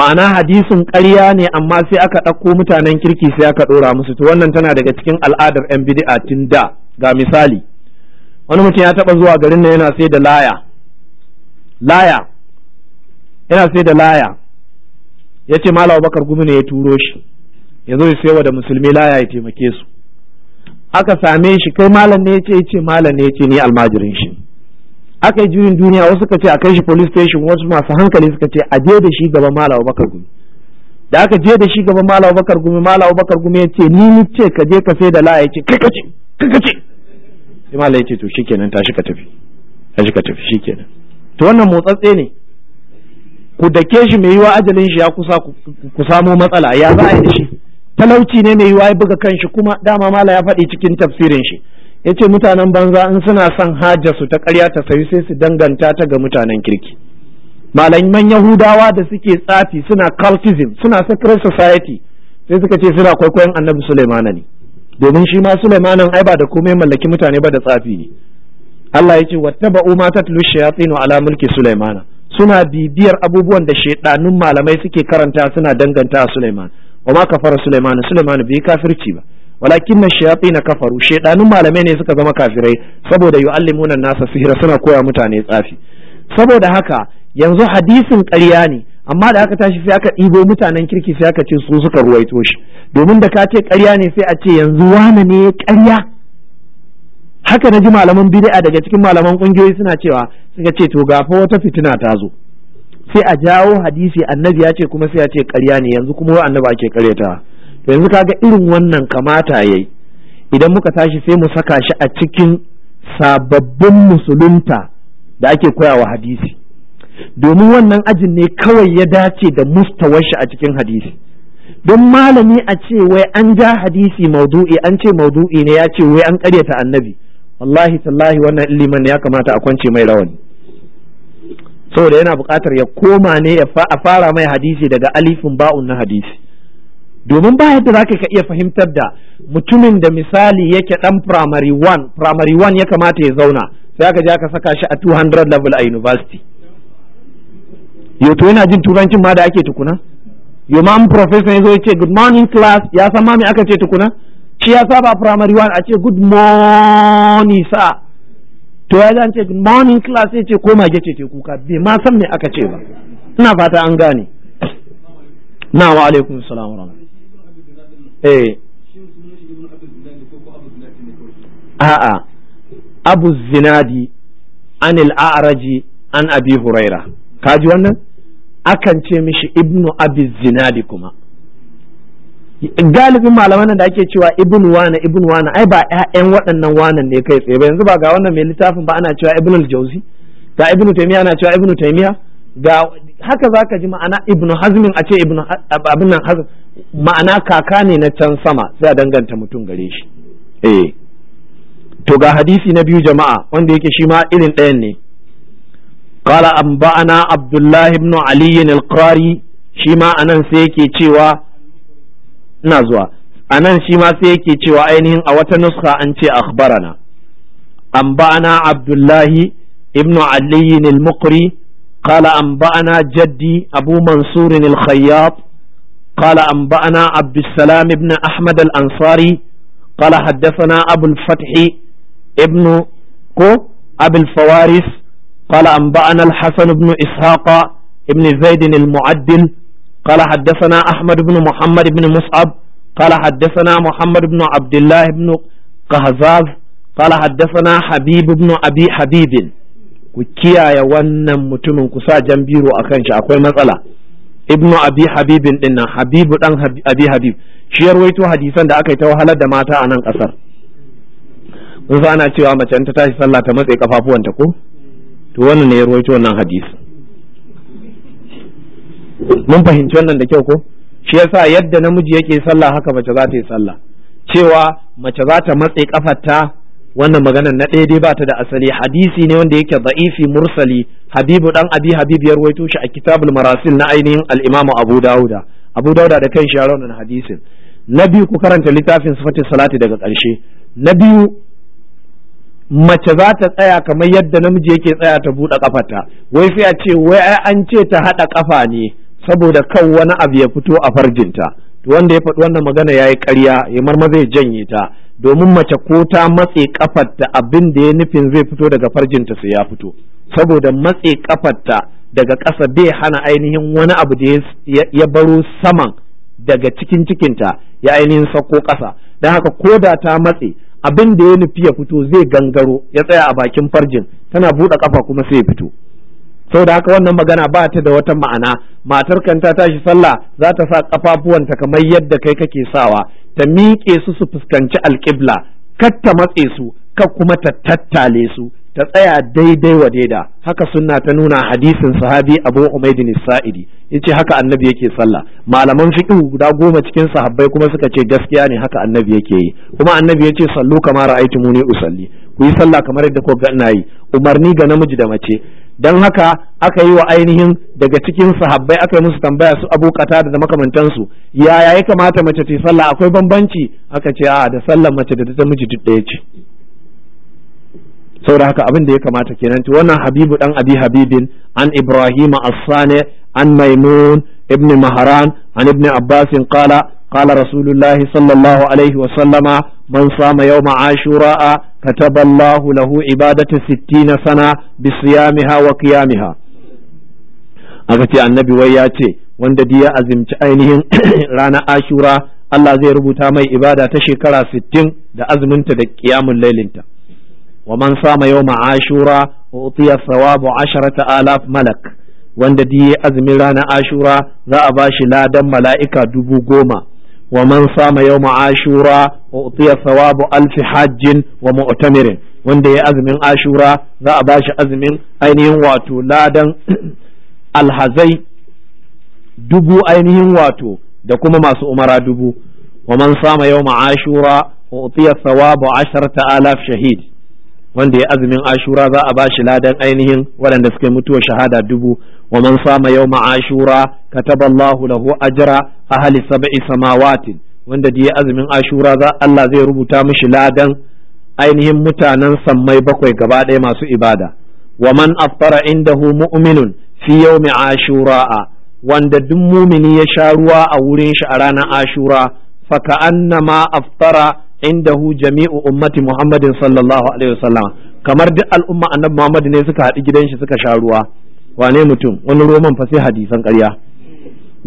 ma'ana hadisin ƙarya ne amma sai aka ɗauko mutanen kirki sai aka ɗora musu to wannan tana daga cikin al'adar 'yan bid'a tun da ga misali wani mutum ya taɓa zuwa garin nan yana sai da laya laya yana sai da laya ya ce malam bakar gumi ne ya turo shi ya zo ya wa da musulmi laya ya taimake su aka same shi kai malam ne yace yace malam ne yace ni almajirin shi aka yi jirin duniya wasu suka ce a kai shi police station wasu masu hankali suka ce a je da shi gaba malam Abubakar Gumi da aka je da shi gaba malam Abubakar Gumi malam Abubakar Gumi yace ni ni ce ka je ka sai da laya yace kai kace kai kace sai malam yace to shikenan tashi ka tafi tashi ka tafi shikenan to wannan motsatse ne ku dake shi mai yiwa ajalin shi ya kusa ku samu matsala ya za a yi da shi talauci ne mai yiwa ya buga kanshi kuma dama mala ya faɗi cikin tafsirin shi Ya ce mutanen banza in suna son hajja su ta karya ta sayi sai su danganta ta ga mutanen kirki malaman yahudawa da suke tsafi suna cultism suna secret society sai suka ce suna kwaikwayon annabi sulaimana ne domin shi ma sulaimanan ai ba da komai mallaki mutane ba da tsafi ne Allah ya ce wattaba'u ma tulu shayatsinu ala mulki sulaimana suna bibiyar abubuwan da shaidanun malamai suke karanta suna danganta a Sulaiman wa ma kafara Sulaiman Sulaiman bai kafirci ba walakin na shayatin kafaru shaidanun malamai ne suka zama kafirai saboda yu'allimuna nasa sihira suna koya mutane tsafi saboda haka yanzu hadisin ƙarya ne amma da aka tashi sai aka ɗibo mutanen kirki sai aka ce su suka ruwaito shi domin da ka ce ƙarya ne sai a ce yanzu wane ne ƙarya haka na ji malaman bid'a daga cikin malaman ƙungiyoyi suna cewa suka ce to gafa wata fitina ta zo sai a jawo hadisi annabi ya ce kuma sai ya ce ƙarya ne yanzu kuma wa annabi ake ƙaryata to yanzu kaga irin wannan kamata yayi idan muka tashi sai mu saka shi a cikin sababbin musulunta da ake koyawa hadisi domin wannan ajin ne kawai ya dace da mustawar shi a cikin hadisi don malami a ce wai an ja hadisi maudu'i an ce maudu'i ne ya ce wai an ƙaryata annabi wallahi tallahi wannan ilimin ya kamata a kwance mai rawani saboda yana buƙatar ya koma ne ya fara mai hadisi daga alifin ba'un na hadisi domin ba yadda za ka iya fahimtar da mutumin da misali yake dan primary one primary one ya kamata ya zauna sai aka je aka saka shi a 200 level a university yau yana jin turancin ma da ake tukuna yau ma professor ya zo ya ce good morning class ya san ma me aka ce tukuna shi ya saba primary one a ce good morning sir to ya ji an ce morning class ya ce ko mage ce ce kuka bai ma san me aka ce ba ina fata an gane na wa alaikum salam wa eh a'a abu zinadi an al'araji an abi huraira kaji wannan akan ce mishi ibnu abi zinadi kuma galibin malaman da ake cewa ibn wana ibn wana ai ba ƴaƴan waɗannan wanan ne kai tsaye ba yanzu ba ga wannan mai littafin ba ana cewa ibn al-jawzi ga ibn taymiya ana cewa ibn taymiya ga haka zaka ji ma'ana ibn hazmin a ce ibn abin nan hazm ma'ana kaka ne na can sama sai a danganta mutum gare shi eh to ga hadisi na biyu jama'a wanda yake shi ma irin ɗayan ne qala ba'ana abdullahi ibn ali al-qari shi ma anan sai yake cewa ina zuwa a nan shi ma sai yake cewa ainihin a wata nuska an ce akhbarana an ba'ana abdullahi ibnu aliyin al kala qala an ba'ana jaddi abu mansurin al-khayyab qala an ba'ana abdussalam ibn ahmad al-ansari qala haddathana abu al-fath ibn ko abu al-fawaris an ba'ana al-hasan ibn ishaqa ibn zaid muaddil قال حدثنا أحمد بن محمد بن مصعب قال حدثنا محمد بن عبد الله بن قهزاز قال حدثنا حبيب بن أبي حبيب ku kiyaye wannan mutumin ku sa jan biro a kan shi akwai matsala ibnu abi habibin din nan habibu dan abi habib shi ya hadisan da aka yi ta wahalar da mata a nan kasar kun ana cewa mace ta tashi sallah ta matse kafafuwanta ko to wannan ne ya rawaito wannan hadisi mun fahimci wannan da kyau ko shi yasa yadda namiji yake sallah haka mace za ta yi sallah cewa mace za ta matse kafarta wannan maganar na daidai dai ba ta da asali hadisi ne wanda yake da'ifi mursali habibu dan abi habib ya ruwaito shi a kitabul marasil na ainihin al-imam abu dauda abu dauda da kan sharon na hadisin na biyu ku karanta littafin sifatin salati daga ƙarshe na biyu mace za ta tsaya kamar yadda namiji yake tsaya ta buɗe kafarta wai sai a ce wai an ce ta haɗa kafa ne saboda kan wani abu ya fito a farjinta to wanda ya faɗi wannan magana yayi ƙarya ya marma zai janye ta domin mace ko ta matse kafarta abin da ya nufin zai fito daga farjinta sai ya fito saboda matse kafarta daga ƙasa bai hana ainihin wani abu da ya baro saman daga cikin cikinta ya ainihin sauko ƙasa don haka ko da ta matse abin da ya nufi ya fito zai gangaro ya tsaya a bakin farjin tana buɗe ƙafa kuma sai ya fito Sau da haka wannan magana ba ta da wata ma'ana matar kan ta tashi sallah za ta sa kafafuwanta kamar yadda kai kake sawa ta miƙe su su fuskanci alƙibla kar ta matse su kar kuma ta tattale su ta tsaya daidai wa daida haka sunna ta nuna hadisin sahabi abu umaydin sa'idi yace haka annabi yake sallah malaman fiqh guda goma cikin sahabbai kuma suka ce gaskiya ne haka annabi yake yi kuma annabi yace sallu kama ra'aytumuni usalli ku yi sallah kamar yadda ku ga ina yi umarni ga namiji da mace dan haka aka yi wa ainihin daga cikin sahabbai aka yi musu tambaya su abu kata da su yaya ya kamata mace ta yi sallah akwai bambanci aka ce a da sallar mace da ta miji duk ɗaya ce saboda haka abin da ya kamata kenan to wannan habibu dan abi habibin an ibrahim as-sane an maimun ibn Maharan, an ibn abbas qala qala rasulullahi sallallahu alaihi wa sallama man sama yawma ashura kataba allah lahu ibadata 60 sana bi siyamiha wa qiyamiha aka ce annabi wai ya ce wanda diya azimci ainihin ranar ashura Allah zai rubuta mai ibada ta shekara 60 da azuminta da kiyamun lailinta wa man sama yawma ashura utiya thawabu 10000 malak wanda diye azumin ranar ashura za a ba shi ladan mala'ika dubu goma wa man sama yau yawma ashura utiya thawabu alfi hajjin wa mu'tamirin wanda ya azumin ashura za a ba bashi azumin ainihin wato ladan alhazai dubu ainihin wato da kuma masu umara dubu wa man sama yau yawma ashura utiya thawabu alaf shahid wanda ya azumin ashura za a bashi ladan ainihin waɗanda suka mutuwa shahada dubu wa man sama yawma ashura kataballahu lahu ajra ahli sab'i samawatin wanda da ya azumin ashura za Allah zai rubuta mishi ladan ainihin mutanen sammai bakwai gaba ɗaya masu ibada wa man aftara indahu mu'minun fi yawmi ashura wanda duk mumini ya sha ruwa a wurin shi a ranar ashura fa annama aftara indahu jami'u ummati muhammadin sallallahu alaihi wasallam kamar duk al'umma annabi muhammad ne suka haɗu gidan shi suka sha ruwa wane mutum wani roman fa sai hadisan ƙarya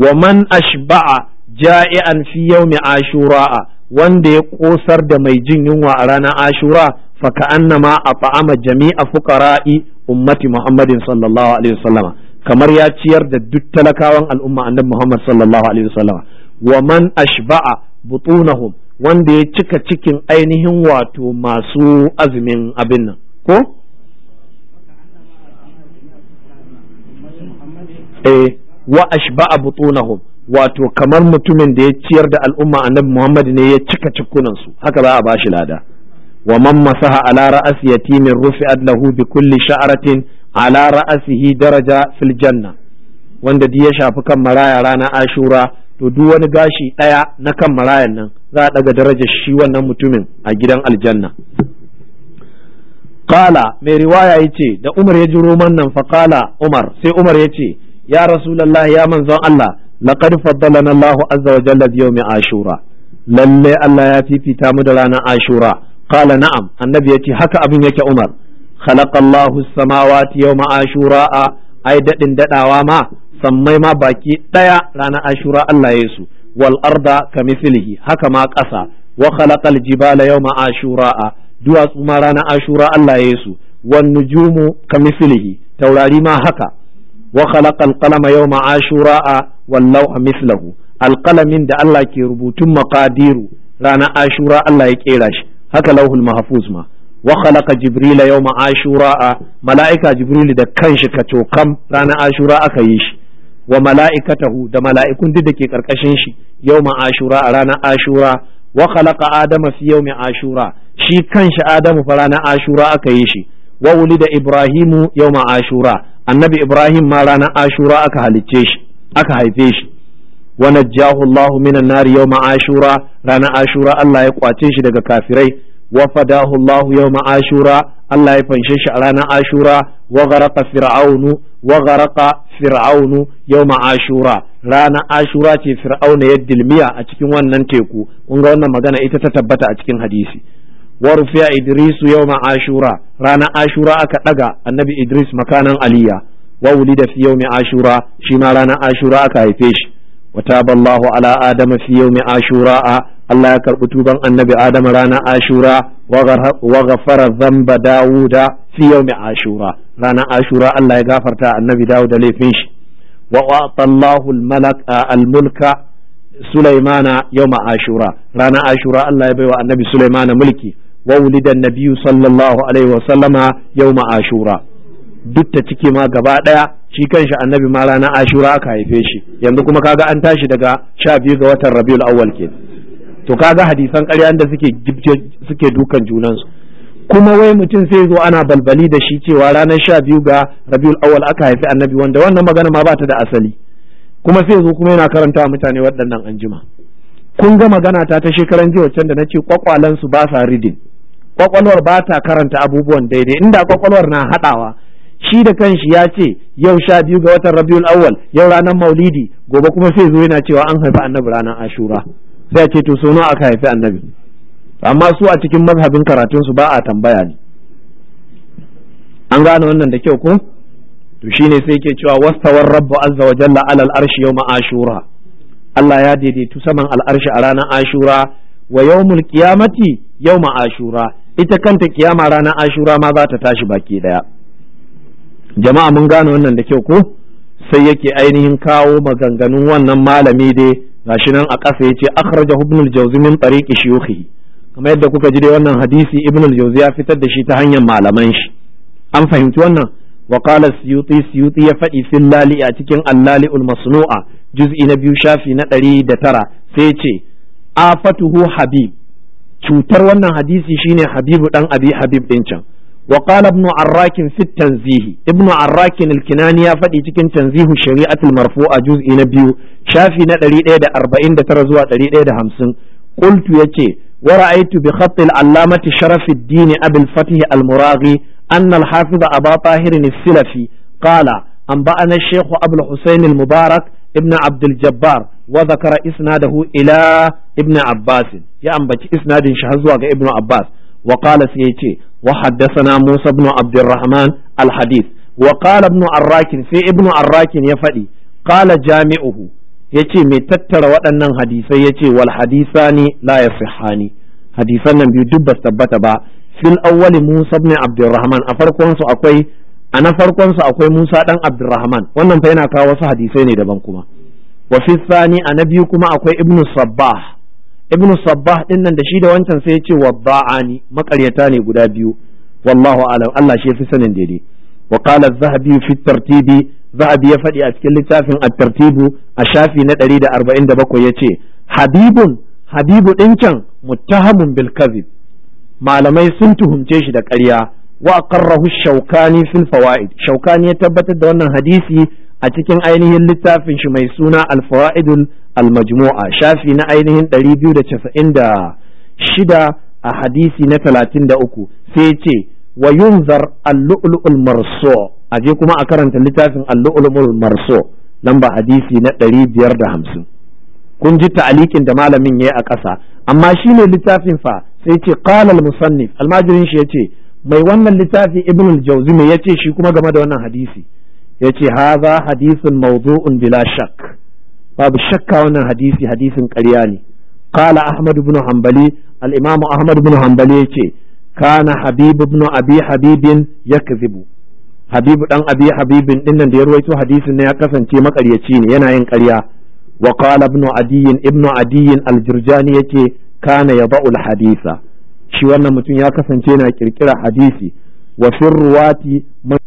wa man ashba'a ja'ian fi yawmi ashura'a wanda ya kosar da mai jin yunwa a ranar ashura fa ka'annama at'ama jami'a fuqara'i ummati muhammadin sallallahu alaihi wasallam kamar ya ciyar da duk talakawan al'umma annabi muhammad sallallahu alaihi wasallam wa man ashba'a butunahum wanda ya cika cikin ainihin wato masu azumin abin nan ko eh wa ashba'a butunahum wato kamar mutumin da ya ciyar da al'umma annabi Muhammad ne ya cika cikunan su haka za a bashi lada wa man masaha ala ra'as yatimin rufi'at lahu bi kulli sha'ratin ala ra'asihi daraja fil janna wanda ya shafi kan maraya rana ashura to duk wani gashi daya na kan marayan nan za a daga darajar shi wannan mutumin a gidan aljanna kala mai riwaya ce da Umar ya ji roman nan fa qala Umar sai Umar ya ce ya rasu lallahi ya manzon Allah laqad faddalana Allah azza wa jalla bi yawmi ashura lalle Allah ya fifita mu da ranar ashura kala na'am annabi ya ce haka abin yake Umar khalaqa ta yau yawma ashura ai daɗin daɗawa ma sammai ma baki ɗaya ranar ashura Allah ya su wal ka kamithlihi haka ma ƙasa wa khalaqal jibala yawma ashura'a duwatsu ma ranar ashura Allah ya su wan nujumu kamithlihi taurari ma haka wa khalaqal qalama yawma ashura'a wal lawha mithlahu alqalamin da Allah ke rubutun maqadiru ranar ashura Allah ya kera shi haka lauhun mahfuz ma wa khalaqa jibrila yawma ashura mala'ika jibril da kanshi kacokam ranar ashura aka yi shi wa mala'ikatahu da mala'ikun duk da ke ƙarƙashin shi yawma ashura a ranar ashura wa khalaqa adama fi yawmi ashura shi kanshi adamu fa ranar ashura aka yi shi wa da ibrahimu yawma ashura annabi ibrahim ma ranar ashura aka halicce shi aka haife shi wa najjahu allah minan nari yawma ashura ranar ashura Allah ya kwace shi daga kafirai wa fadahu allah yawma ashura Allah ya fanshe shi a ranar Ashura wa gharaqa fir'aunu wa gharaqa fir'aunu yawma Ashura ranar Ashura ce fir'auna ya dilmiya a cikin wannan teku kun ga wannan magana ita ta tabbata a cikin hadisi wa rufiya Idrisu yawma Ashura ranar Ashura aka daga annabi Idris makanan Aliya wa wulida fi yawmi Ashura shi ma ranar Ashura aka haife shi وتاب الله على آدم في يوم عاشوراء الله يكرب توبا النبي آدم رانا عاشوراء وغفر ذنب داود في يوم عاشوراء رانا عاشوراء الله يغفر النبي داود ليفنش وأعطى الله الملك الملك سليمان يوم عاشوراء رانا عاشوراء الله يبيوى النبي سليمان ملكي وولد النبي صلى الله عليه وسلم يوم عاشوراء duk ta ciki ma gaba ɗaya shi kanshi annabi ma ranar ashura aka haife shi yanzu kuma kaga an tashi daga sha biyu ga watan rabiul awwal ke to kaga hadisan ƙarya da suke suke dukan junansu kuma wai mutum sai zo ana balbali da shi cewa ranar sha biyu ga rabiul awwal aka haifi annabi wanda wannan magana ma bata da asali kuma sai zo kuma yana karanta mutane waɗannan anjima kun ga magana ta ta shekaran jiya wacce da nace kwakwalan su ba sa reading kwakwalwar ba ta karanta abubuwan daidai inda kwakwalwar na hadawa shi da kanshi ya ce yau sha biyu ga watan rabiul awwal yau ranar maulidi gobe kuma sai zo yana cewa an haifi annabi ranar ashura sai a ce to sono aka haifi annabi amma su a cikin mazhabin karatunsu ba a tambaya ne an gane wannan da kyau ko to shine sai yake cewa wastawar rabbu azza wa jalla alal arshi yawma ashura Allah ya daidaitu saman al'arshi a ranar ashura wa yawmul qiyamati yawma ashura ita kanta kiyama ranar ashura ma za ta tashi baki daya jama'a mun gane wannan da kyau ko sai yake ainihin kawo maganganun wannan malami dai gashi nan a ƙasa yace akhraja ibn al-jawzi min tariq shuyukhi kamar yadda kuka ji dai wannan hadisi ibn al-jawzi ya fitar da shi ta hanyar malaman shi an fahimci wannan wa qala suyuti suyuti ya faɗi fil lali a cikin al-lali al-masnu'a juz'i na biyu shafi na ɗari da tara sai yace afatuhu habib cutar wannan hadisi shine habibu dan abi habib din can wa bnu Arrakin arrak fi tanzih ibn arrak al-kinani ya faɗi cikin tanzih shari'atul marfu'a juz'i na biyu shafi na ɗari 149 zuwa 150 da yace wa ra'aytu bi khatt al-allamati sharaf ad-din abi al-fatih al-muraghi anna al-hafiz aba tahir al-silafi qala anba'ana ash-shaykh abu al-husayn al-mubarak ibn abd al-jabbar وذكر إسناده إلى ابن عباس يا أم بك إسناد شهزوا ابن عباس وقال سيتي وحدثنا موسى بن عبد الرحمن الحديث وقال ابن عراك في ابن عراك يفدي قال جامعه yace mai tattara waɗannan hadisai yace wal hadisani la yasihhani hadisan nan biyu duk ba tabbata ba fil awwali Musa ibn Abdurrahman a farkon su akwai a na farkon su akwai Musa dan Abdurrahman wannan fa yana kawo wasu hadisai ne daban kuma wa fi a na biyu kuma akwai Ibn Sabbah ibn sabbah din nan da shi da wancan sai ya ce wadda'ani makaryata ne guda biyu wallahu alam Allah shi fi sanin daidai wa qala az-zahabi fi tartibi zahabi ya faɗi a cikin littafin at-tartibu a shafi na 147 yace habibun habibu din can muttahamun bil kadhib malamai sun tuhumce shi da ƙarya wa aqarrahu shaukani fil fawaid shaukani ya tabbatar da wannan hadisi a cikin ainihin littafin shi mai suna alfawa'idul almajmu'a shafi na ainihin 296 a hadisi na 33 sai ce wa yunzar al-lu'lu'ul marso a je kuma a karanta littafin al-lu'lu'ul marso lamba hadisi na 550 kun ji ta'alikin da malamin yayi a ƙasa amma shine littafin fa sai ce qala al-musannif almajirin shi yace mai wannan littafi ibnul jawzi me yace shi kuma game da wannan hadisi yace haza hadisin mawdu'un bila shak babu shakka wannan hadisi hadisin ƙarya ne qala ahmad ibn hanbali al-imam ahmad ibn hanbali yace kana habib ibn abi habibin yakzibu habib dan abi habibin din nan da ya ruwaito hadisin ne ya kasance makaryaci ne yana yin ƙarya wa qala ibn adiy ibn adiy al-jurjani yace kana yada'u al hadisa shi wannan mutum ya kasance yana kirkira hadisi wa firruwati